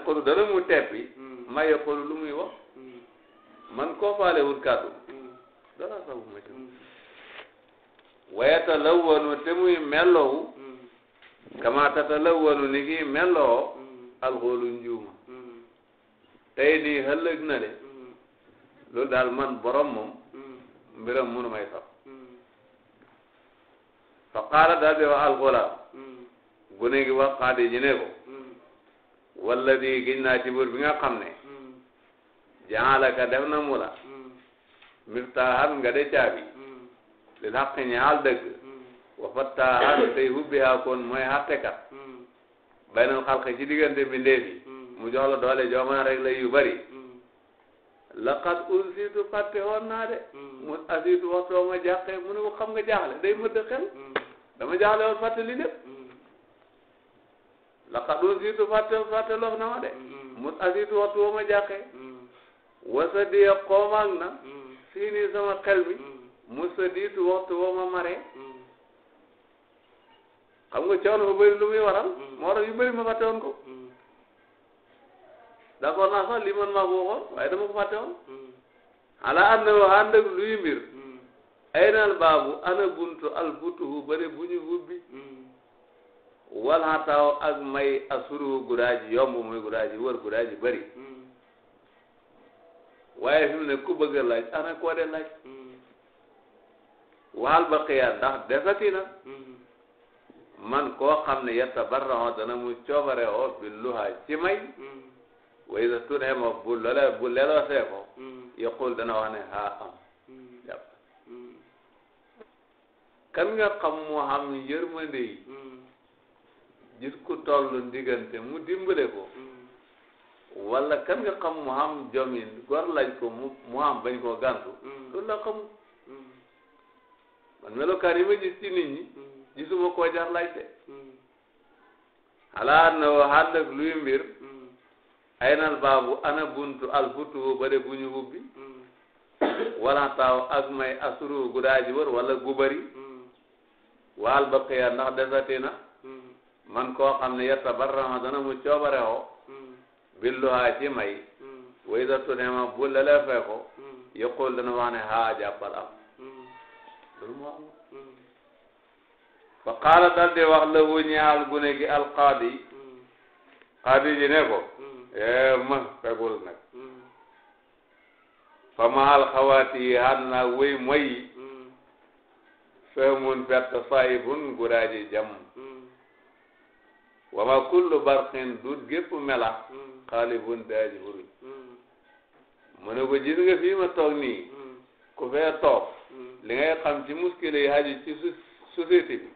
kudu ah, dana mu teppi ma yaqulu lu muy wax man koo faale wul kàddu dara sabu ma wayata la wanu te muy mellowu kama tata la wanu ni ngi melloo alxoolu njuuma tey nii xëllëg na de loolu daal man borom moom hmm. mbiram mënu may sot hmm. fa qaala daal di wax alxulaam hmm. gune gi wax xaadi ji ne ko walla di giñ naa ci buur bi nga xam ne jaxalaka def na mu la miftaahan nga de caabi lil xaq ñaal dëgg wa fattaahan tey hubbihaa koon mooy xattekat baynal xalqi ci diggante mbindeef yi mu jox la doole joo mën a rek la laqad unsitu fàtte woon naa de. Mm. mu asitu waxtu ma jàqee mu ne ko xam nga jaaxle day mëdd xel. Mm. dama jaaxle woon fàtte li lépp. Mm. laqad unsitu fàtte fàtte na ma de. mu asitu waxtu ma jàqee. wasa di xoomaag na. fii nii sama xel bi. mu sadiitu waxtu ma maree. xam nga coono ba bëri lu muy waral. moo tax yu ko. d'accord naa sax lii man maa ko waxoon waaye dama ko fàtte woon hmm. ala ànd wax ànd ak luy mbir hmm. ay nal baabu ana buntu al bare bu ñu ubbi hmm. wala taw ak may asuru gudaaji yomb muy gudaaji wër gudaaji bari waaye fi mu ne ku bëgg a laaj ana koo de laaj waxal ba xiyaat ndax desati na man koo xam ne yetta barraxoo dana mu coobare oo bi luhaa ci may way sa tuut he moom bu loolee bu leloo ko yaqul dana wax ne haa am kan nga xam mu xam yërmande yi gis ku toll diggante mu dimbale ko wala kan nga xam mu jomin gor laaj ko mu mu xam bañ koo gàntu la xam man melokaan yi ma gis ci nit ñi gisuma jar laajte xalaat na waxaat nag luy mbir aynal baabu ana buntu alfutu ba de bu ñu ubbi mm. wala taaw ak may asuru gudaaji wër wala gubari mm. waal ba ndax desatina mm. man koo xam ne yetta barrama dana mu coobare o billuhaa ci may way da tunema bu lele ko yëqul dana wax ne haa jàppal am loolu moo am wax la wu ñaal gune gi alqaadi qaadi ji ne ko man fegul nag famaal xawaati yi han naa wéy moyi feemun perte saayibun guraaji jam wama kullu barqin duut gépp melax xaalibun daaji huruj mu ne ko gis nga fii ma toog nii ku fee li ngay xam ci muskile yi haju ci société bi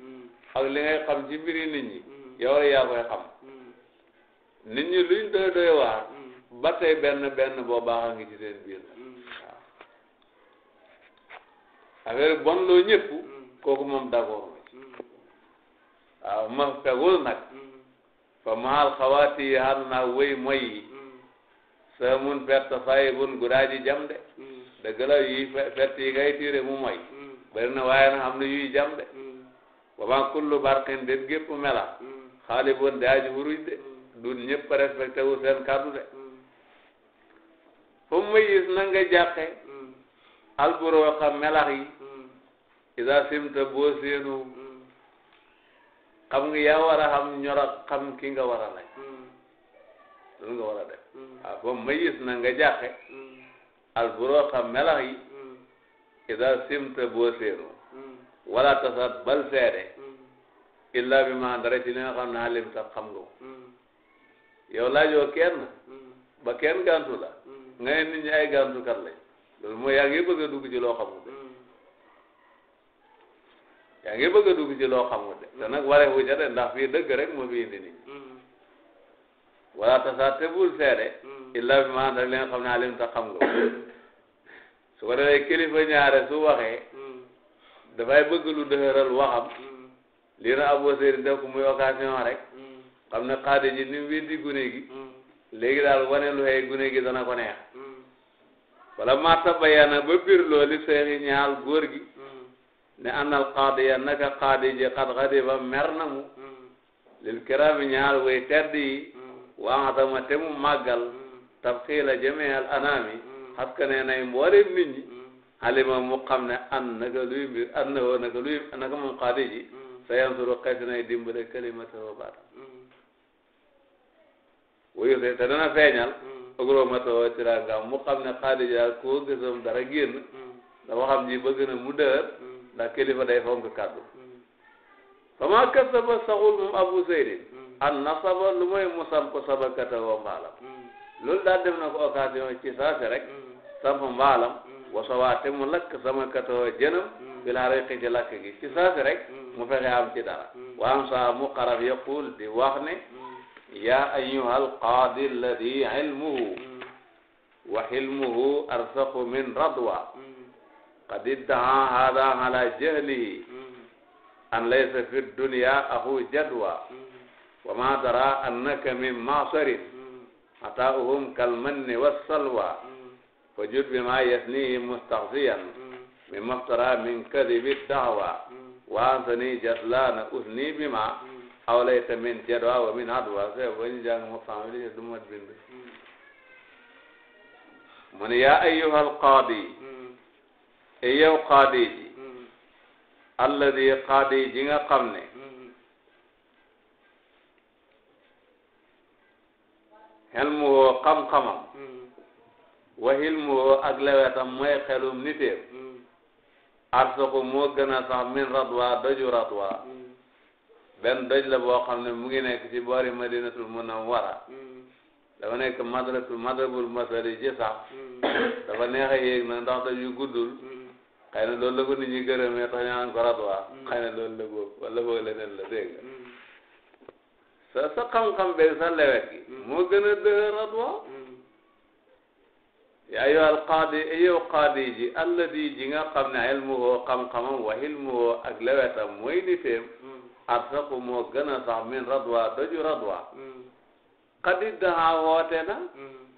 ak li ngay xam ci mbiri nit ñi yow yaa koy xam nit ñi luñ doy doy waar mm. benn benn boo baax ngi ci seen biir mm. waaw affaire bon loo ñëpp mm. kooku moom d'accord ma ci waaw ma fegul nag fa maal xawaati yi xam naa wéy moy yi sa mun perte fayi bun gudaaji jam de dëgg la yi perte yi kay tiire mu moy bari na waaye na xam ne yuy jam de wa ma kullu barqin déet gépp mela xaali bon de aji wuruj de du ñëpp a respecté wu seen kàddu de fu mu yis na nga jàqe alburooxa melax yi isa simta boo séenu xam nga yaa war a xam ñor xam ki nga war a lay loolu nga war a def waaw fu mu yis na nga jàqe alburooxa melax yi isa simta boo séenu wala tasat bal seede illa bi ma ci li xam ne alim sax xam nga ko yow laajoo kenn mm. ba kenn gàntu la mm. nga ne nit ñi ay gàntukat lañ loolu mooy yaa ngi bëgg a dugg ci de mm. yaa ngi bëgg a dugg ci loo xamul de te nag waree wu de ndax fii dëgg rek moo fi indi wala tasaar te bul seede bi maa ndax li nga xam ne alim ta xam nga su ko defee kilifa ñaare su waxee dafay bëgg lu dëgëral waxam lii na aboo séeri def ko muy occasion rek xam ne xaade ji ni mu weddi gune gi mm. léegi daal wane lu xëy gune gi dana ko neex mm. wala marta bayana ba biir loolu seexi ñaal góor gi mm. ne anal xaade ya naka xaade ji xat ba mer na mu lil kiraami ñaal way tedd yi waatama te mu màggal tab xiila jameel anaami xat ka ne nay mbooleem nit ñi alima mu xam ne an naka luy mbir an na naka luy naka moom xaade ji sa yansuru xeeti nay dimbale kalimata wa baatam wuyu si te dana feeñal. Mm. ëgg ma too mu xam ne Xadija koo gisam dara génn. Mm. da waxam ji bëgg na mu dër. Mm. ndax kilifa day fonk kàddu. sama kër sa ba saxul moom Abu Zaydin. an nasaba lu mooy mu samp sabakata wa mbaalam. loolu daal dem na ko occasion ci saasi rek. samp mbaalam. wasawaate mu lakk sama katoo jënam. bilaa ci lakk gi ci saasi rek. mu fexe am ci dara. wa am saa mu xarab yaqul di wax ne. yaa ayyuhal qaadi alladi ilmuhu wa hilmuhu arsaqu min radwa qad iddaha hada ala jahlihi an laysa fi dunya axu jadwa wa ma dara annaka min maasarin ataauhum kalmanni wassalwa fa jud bima yasnihi mustaxfiyan min maftara min kadibi daawa wa ansani jaslana usni bima aw lay tamit ceeb waaw amin adwa see ba du ma bind. mu ne yaa ayyuhal qaadi. e yow qaadi ji. alladi qaadi ji nga xam ne. xelmuwoo xam-xamam. wahilmuwoo ak lewetam mooy xelum niteem. arsaku moo gën a sax min radwa doju benn doj la boo xam ne mu ngi nekk ci boori madinatul munawwara mm. dafa nekk madrasul madrabul masali ci sax mm. dafa neex a yéeg nag ndax doj yu guddul mm. xëy na loolu la ko nit ñi gërëmee tax ñu naan ko ratwa xëy na loolu la boobu wala boog leneen la dégg nga sa sa xam-xam beeg sa lewet gi moo gën a dëgër ratwa yaa yow al qaadi yow qaadi ji alladi ji nga xam ne ilmuhu xam-xamam wa ilmuhu ak lewetam mooy niteem arsaku moo gën a sax min radwa doju radwa mm. xadi daha woote na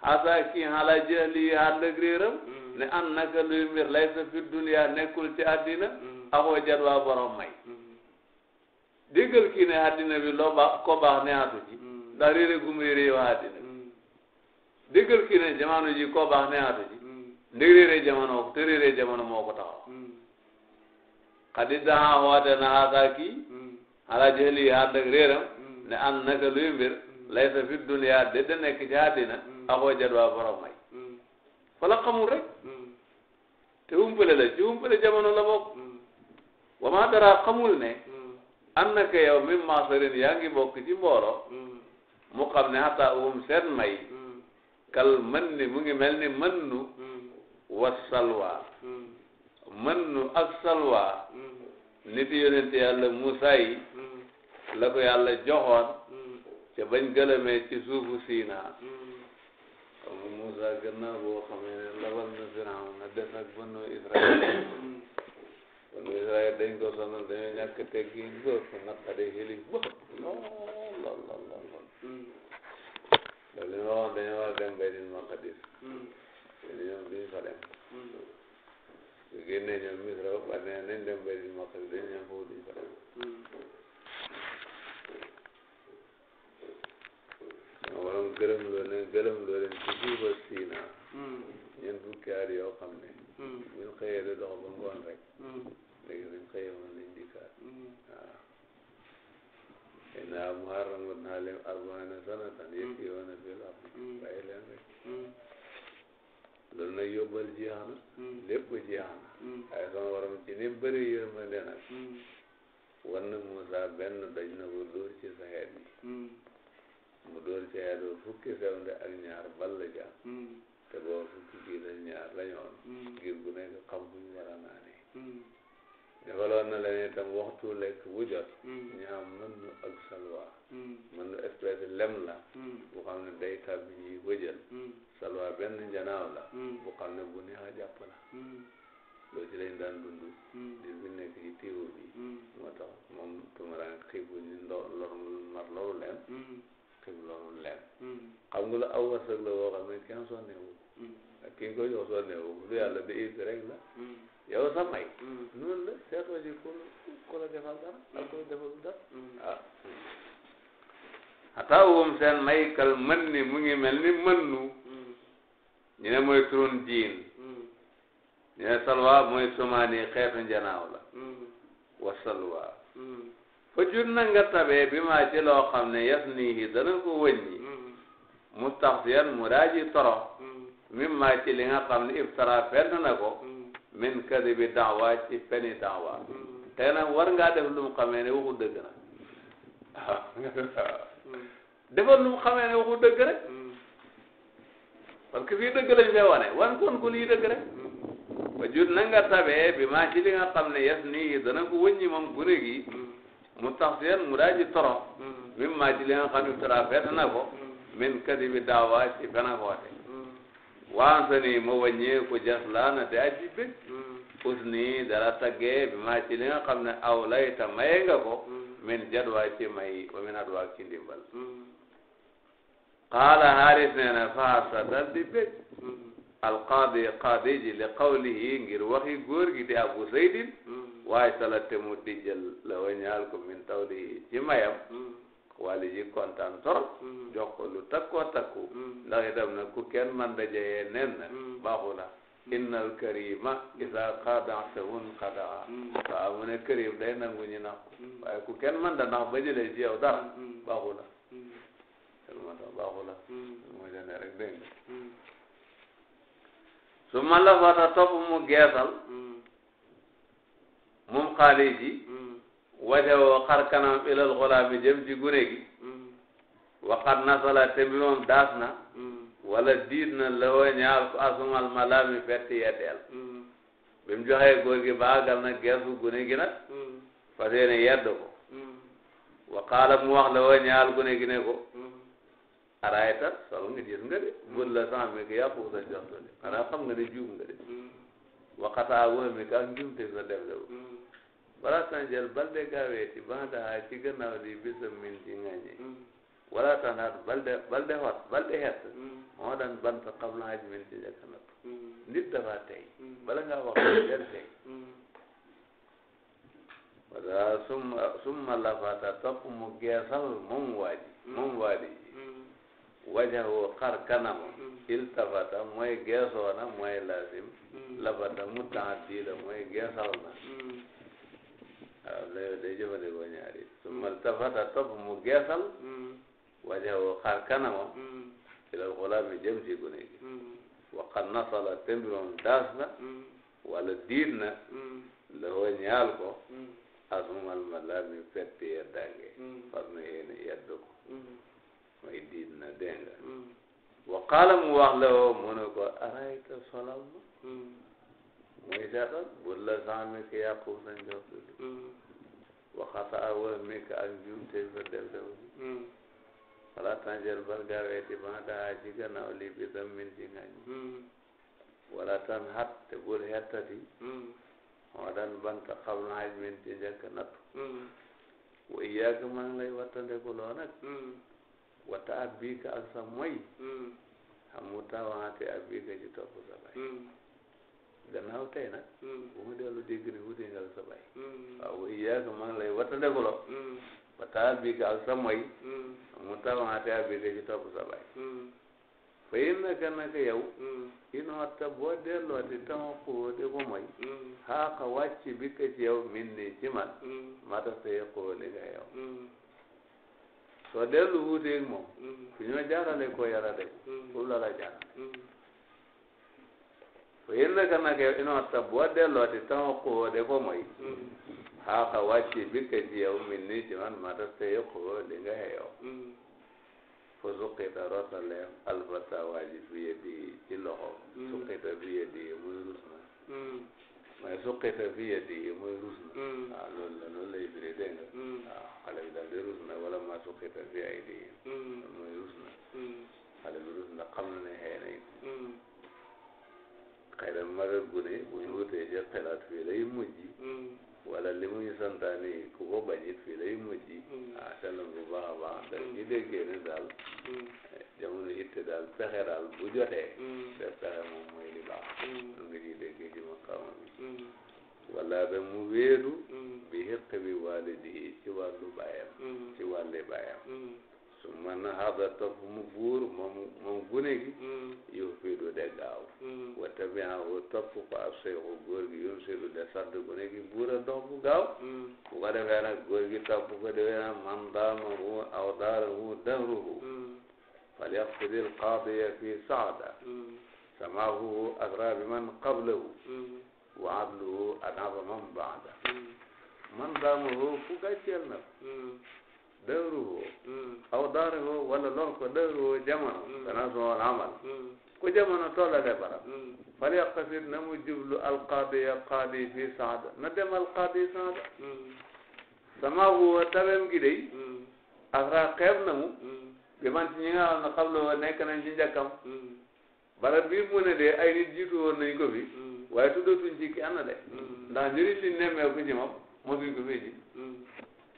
xasa mm. kii xala jëli ànd ak réeram ne an naka luy mbir lay sa fi dunia nekkul ci àddina mm. axoo jadwaa borom may déggal kii ne àddina bi loo baax ko baax ne atu ci ndax réere gum réere yow àddina bi déggal kii ji ko baax ne atu ci ndég réere jamono te réere jamono moo ko taxaw xadi daha woote na xasa kii ala jëli ànd ak réeram mm. ne an naka luy mbir mm. lay fi dunia dédda nekk ci àddina mm. axoo jadwaa borom may fa la xamul rek te umpale la ci umpale jamono la bokk wa maa dara xamul ne an naka yow mi maasarin yaa ngi bokk ci mbooloo mu xam ne xataa um seen may kal mën ni mu ngi mel ni mën nu wa salwa nu ak salwa nit yonente yàlla Musaa yi la ko yàlla joxoon mm. ci suufu Siina xam nga Moussa gannaaw boo xamee na Firawna na des ak banu Israël banu Israël dañ ko sonal dañoo ñàkk teggi góor ko nattade xilif ba mm. lool lool lool lool loolu li ma wax dañu war a dem Baytil Maqdis léegi mm. ñoom duñu fa dem su génnee ñoom sama borom gërëm loo leen gërëm loo leen ci jiiba siina hmm. ñeent fukki at yoo xam ne hmm. buñ xëyee da ba ngoon rek hmm. léegi buñ xëyee mën nañ dikkaat waaw innaa muharramun alayhim arba'iina sanatan yakiifuuna fil ard bàyyi leen rek loolu nag yóbbal jeex na lépp jeex na waaye sama borom ci ni bëri yërmande nag war na Moussa benn daj na ko dóor ci sa xeet bi hmm. mu dóor ci xeet ba fukki sewnde ak ñaar bal la hmm. te boo fukki kii la ñaar la hmm. ngir bu nekk xam bu ñu war a naane defaloon na leen itam waxtu lekk bu jot ñu mën nu ak salwa mën nu espèce lem la bu xam ne day tàbbi ñuy wëjal salwa benn njanaaw la bu xam ne bu neex a jàpp la loolu ci lañ daan dund. Hmm. di fi nekk ci téew bi. Hmm. mar loru leen. Hmm. xiib loru leen. xam nga la aw wërsëg la woo xam ne kenn sonnewu. ak ki ko jox sonnewu lu yàlla di it rek la. yow sa may. noonu la seetoo ji ku ku ah. ni mu ngi mel ni mën nu. ñu ne mooy turon jiin. ñee salwa mooy somani xeetu njanaaw la mm-hmm. wa salwa mm-hmm. fa jun na nga bi maa ci xam ne yas niihi dana ko wëññi mustaxsiyan mm-hmm. mu daaji torox min maa ci li xam ne iftara fenn na ko min kadibi daawa ci feni daawa tey nag war ngaa def lu xamee ne waxu dëgg na defal xamee ne waxu dëgg rek fii dëgg lañ wane wan kon ko lii dëgg rek wa jur na nga tabee bi maa ci li ne yes nii dana ko wëññi moom gune gi mu tax seen mu daal di torox min maa ci li nga xam ne na ko min kadi bi daawa ci fena koote waansa nii ma wàññee ko jas laana te aji bég us nii dara taggee bi maa ci li ne aw layta maye ko min jadwaa ci may wa min adwaa ci ndimbal qaala xaaris nee na faasa dal di bég alqaadi qaadi ji li qawlihi ngir waxi góor gi di abu zaydin mm. waaye salate mu dijjal la wañaal ko min tawlihi ci mm. ji kontaan torop mm. jox ko lu takkoo takku ndax itam na ku kenn man dajeyee nen na baaxula inna alkarima isa qadaatahun qadaa waaw mu ne karim day nangu ñu nax waaye ku kenn man da nax ba jëlee ci yow dara baaxula tel moo tax baaxula moo jane rek dégg nga su ma la fata topp mu geesal mm. moom xaalis ji mm. wajawoo xar kanam ilal xulaami jëm ci gune gi mm. waxat nasala te bi moom daas na wala diit na lawoo ñaar ko asumal malaami fetti yeddeel bi mu joxee góor gi baagal na geesu gune gi nag fas yéene yedd ko wa qaala mu wax lawoo ñaar gune gi ne ko arayta solo nga gis nga de bun la sang mi ki sa jox de xanaa xam nga ne juum nga de mm. waxataa woo mi ka njuumte sa def de mm. wala sanjal balde gaawee ci bandaha ci gannaaw li bisam min ci ngañe mm. wala tanaat balde balde hot balde het moo daan bant qabla haj min ci njëkk natt nit dafa tey bala ngaa wax del tey wala summa summa lafata topp mu geesal moom waaji moom waaji wajahu xar kanamu hmm. iltafata mooy geesoona mooy lazim hmm. labata mutaadila mooy geesaw na hmm. waaw loolu day jëfandikoo ñaari summa iltafata topp mu geesal wajahu xar kanamu ila xulaami jëm ci gune gi waqad nasala tembiroom daas na wala diin na la woo ñaal ko asumal malami petti yeddange far na yéene yeddu mooy diit na dégg nga hmm. wa mu wax la mu ne ko arayta solal ma hmm. mooy seetal bul la san mi ki yàqu sa njort li hmm. waxata a wa mi ka ak njuumte sa def def li wala tànjal bal gaaweti ban daa ci gannaaw li bi dam min ci ngañ wala tan xat te bul xettati moo daan banta xam na xaj min ci njëkk nattu wa iyaaka maa ngi lay wattande ko loo nag wata abika ak sa moy xam hmm. mu taawaate abika ci topp sa bay hmm. gannaaw tey nag hmm. bu mu dellu di ne wuti ngal sa bay waaw iyaaka maa ngi lay wattandeku lo wata abika ak sa moy xam mu taawaate abika ci topp sa bay fay naka naka yow in watta boo delloo ti tama xuuti ko moy xaaqa wàcc bi ka ci yow min nii ci man mata say xooli nga yow soo dellu wuuteeg moom ku mm-hmm. ñoo jaarale koo yarale ko mm-hmm. foofu la jaarale mm-hmm. fo yéen naka nag yow inoo ta boo delloo ti sama koo de ko mooy xaaxa wàcci bi ka ci yow min ni ci man mata tey koo li nga xeyoo fo suqita rotaleem alfata waaji bi yeddi ci loxo suqita bi yeddi mu rus na mooy suqita fi yadihi mooy rus na. loolu la loolu lay firi dégg nga. waaw mm. ah, xale bi daal di rus na wala ma suqita fi mooy rus na. Mm. xale bi rus na xam na ne xëy nañ ko. xëy na magal gune bu ñu wutee ci xelaat mm. wala li muy santaane ku ko bañit fii lay mujj. ah seetlu bu baax a baax daal ñu déggee ne daal. jamono itte daal pexe daal bu jotee def mm. pexe moom mooy li baax lu nga ciy déggee ci bi wala ba mu wéeru mm. bi xëq bi waalidi ci wàllu baayam mm. ci wàlli baayam su man haada topp mu buur moom moom gune gi yow fii du degaaw wa tabiahu topp ko ab seexu gi yoon si de sadd gune gi buur a dox bu gaaw bu ko defee nag góor gi topp ko defee nag man daama hu aw daara hu fal yaqtadi alqaadiya fi saada samaahu asra bi man qablahu wa adluhu anaaba man baada man daamahu ku gàcceel na ko dawruhu aw daarihu wala lor ko dawruhu jamono tanaasu wal amal ku jamono tollale barab fal yaqtasid na mu jublu alqaadiya qaadi fi saada na dem alqaadi saada samaahu wa tabem gi day asra xeeb na mu bi man ci ñi nga xam ne xam la woon nekk nañ hmm. de ay nit jiitu woon nañ ko fi hmm. waaye tuddatuñ ci kenn de hmm. ndax njëriñ li nemmeeku ci moom mosuñ ko ji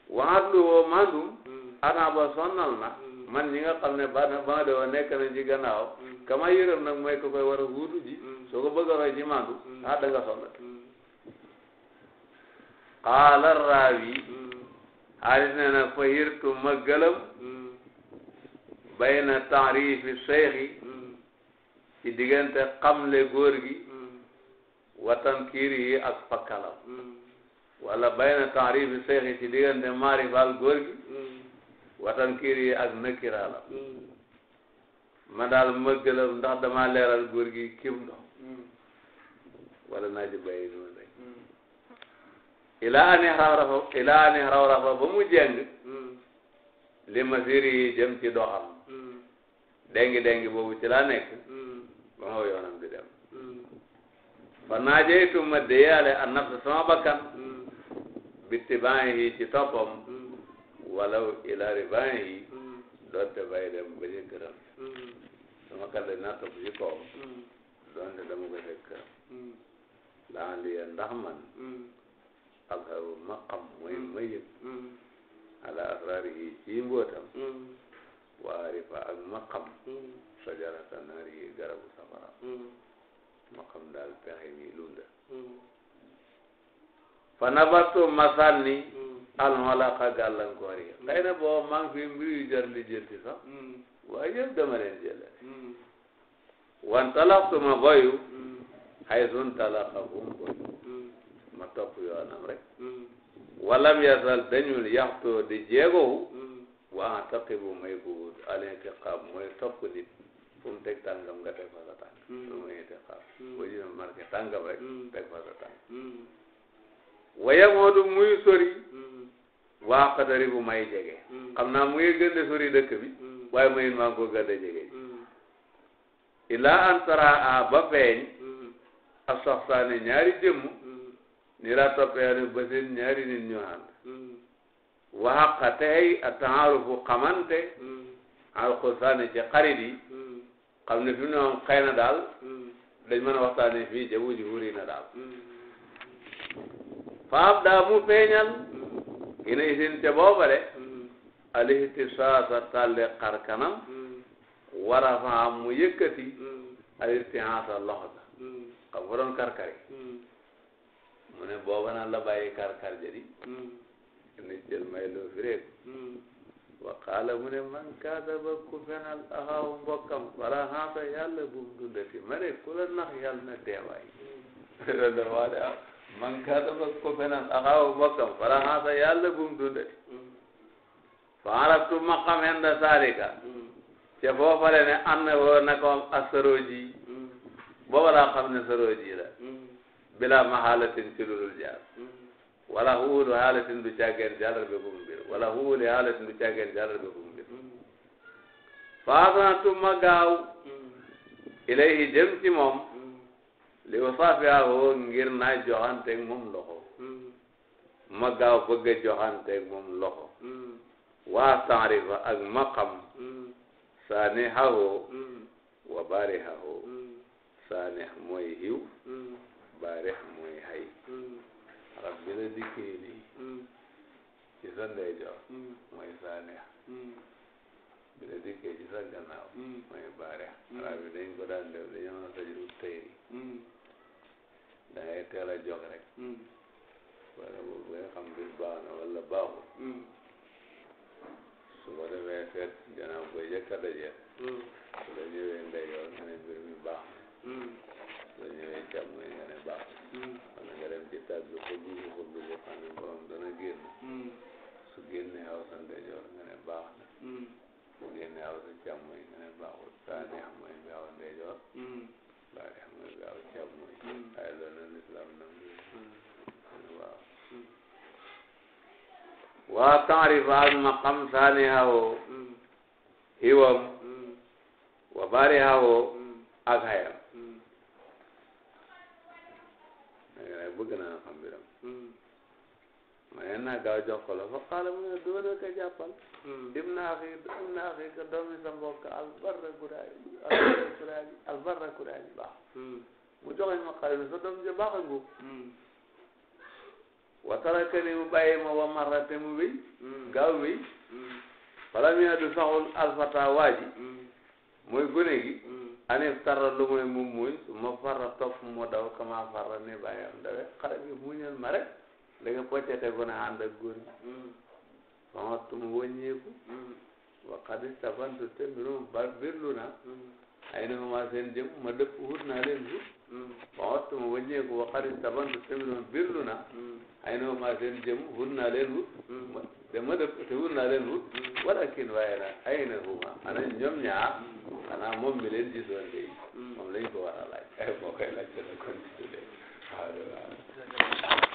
waxaat lu woo mandum ana ba sonnal na man ñi nga xam ne ba ba de woon nekk nañ ci gannaaw kama yërëm nag mooy ko koy war a wuutu ji soo ko bëgg a roy ci mandu ah da nga sonn qaala raawi na fa hirtu ma bayna taarifi seexi ci diggante xamle góor gi wa tankiir ak pakkalam wala bayna taarifi seexi ci diggante maarifal góor gi wa yi ak nëkkiraalam ma daal ma gëlëm ndax dama leeral góor gi kim dox wala naa ilaa ani raw ilaa ani raw ba mu jeng li masiri yi jëm ci doxam dengi dengi boobu ci laa nekk hmm. ba xaw yoonam dem hmm. fa naajee tu ma déyaale an nafsa sama bakkan hmm. bitti baa ngi ci toppam walaw ilaari baa ngi doonte bay dem ba ñu këram sama kàlla naa topp ci kaw doonte dama ko fekk këram laa andi ya ndax man alxaru maqam mooy mayëg ala asraari yi ci mbootam waarifa ak maqam sajarata naar yi garabu safara maqam daal pexe mi lunda fa nabattu masanni alxolaqa gàllankoor yi mm. xëy na boo maa ngi fi mbir yu jar li jëlti sax mm. waaye yëpp dama leen jële mm. wan talaqtuma boyu xay sun talaqa fu mu boyu ma topp yoonam rek walam yasal dañul yaxtoo di jeegowu waa taqibu may guud al intiqaab mooy topp nit fu mu teg tàngam nga teg fa sa tànk loolu mooy intiqaab boo gisee marqué tàngam rek teg fa sa tànk wayamoodu muy sori waa xatari bu may jege xam naa mu ngi gën de sori dëkk bi waaye mayin maa ngi ko gën de jege ilaa an saraa ba feeñ a soxsaane ñaari jëmm ni laa toppee ba seen ñaari nit ñu ànd waxaqa tey ataarufu xamante al xusaani ci xarit yi xam ne fi mu ne moom xëy na daal dañ mën a waxtaane fii jamu ji wuri na daal faab daa mu feeñal ina isin ca booba de alihtisaasa tàlle xar kanam wara fa mu yëkkati alihtihaasa loxo ga xam nga doon karkari mu ne booba nag la bàyyi karkar jadi ni jël loo fi rek hmm. waqaala mu ne man kaadaba ku fenal axaaw mbokkam wala xaata yàlla bu mu dundati ma ne ku la nax yàlla na deewaay hmm. loolu waa de ah man kaadaba ku fenal axaaw mbokkam wala xaata yàlla bu mu dundati hmm. fa arabtu ma xam inda saalika ca foofale ne am na woo na ko asarooji booba laa xam ne sarooji la bila mahalatin ci lulul jaar wala huwulu haalatin du caageen jàllarbeeku mbir wala huwuli haalatin du caageen jàllarbeeku mbir faasantu ma gaaw ilayhi jëm ci moom li usaafihahu ngir naa joxanteeg moom loxo ma gaaw bëgg a joxanteeg loxo waa taarifa ak maqam saanihahu wa baarihahu saanih mooy hiw baarih mooy hay rab bi la dikkee nii mm. ci sa ndeyjoor mm. mooy saaneex mm. bi la dikkee ci sa gannaaw mooy baareex rab bi dañ ko daan def na sajuru tayri da ngay teel a jóg rek wala boobu nga xam bis baax na wala baaxul su ko defee seet gannaaw koy jëkk a dajee su la ñëwee ndeyjoor nga ne mbir mi baax na su nga ne baax na dagg ba jiwu xullu boo xam ne borom dana génn hmm. su génnee aw sa ndeyjoor nga ne baax na hmm. su génnee aw sa càmmoñ nga ne baaxul saa neex mooy bi aw ndeyjoor hmm. saa neex mooy bi aw càmmoñ waaye loolu la islam nangu waaw waa taarifa ak maqam saaniha woo hiwam wa bariha woo ak hayam bëgg naa xam mbiram hmm. ma ne naa gaaw jox ko la fa xaala mu ne doona ka jàppal hmm. dim naa xi dim naa xi ka doomi sa mbokk albarra kuraaji albarra kuraaji baax hmm. mu joxeñ ma xaalis sa doom ja baax a ngóob wa tarakani mu bàyyi ma wa marrate mu wéy gaaw wéy falam yaadu saxul alfata waaji mooy gone gi anif tarra lu muy mu su ma farra topp mu daw kama farra ni bàyyam dawe xale bi muñal ma rek da nga poccete ko na ànd ak góor ñi hmm. famattum wàññeeku hmm. waxadis tabantu te mbirum ba birlu na hmm. ay na ma seen jëm ma dëpp wut naa leen waxoon tu ma wëññeeku waxari taban du semiroon birlu na ay noo maa seen jëm wut naa leen wut dama dëpp te wut naa leen wut walakin waaye nag ay na huma ana ñoom ñaar xanaa moom mi leen gisoon de moom lañ ko war a laaj ay moo koy laaj dana continué waaw waaw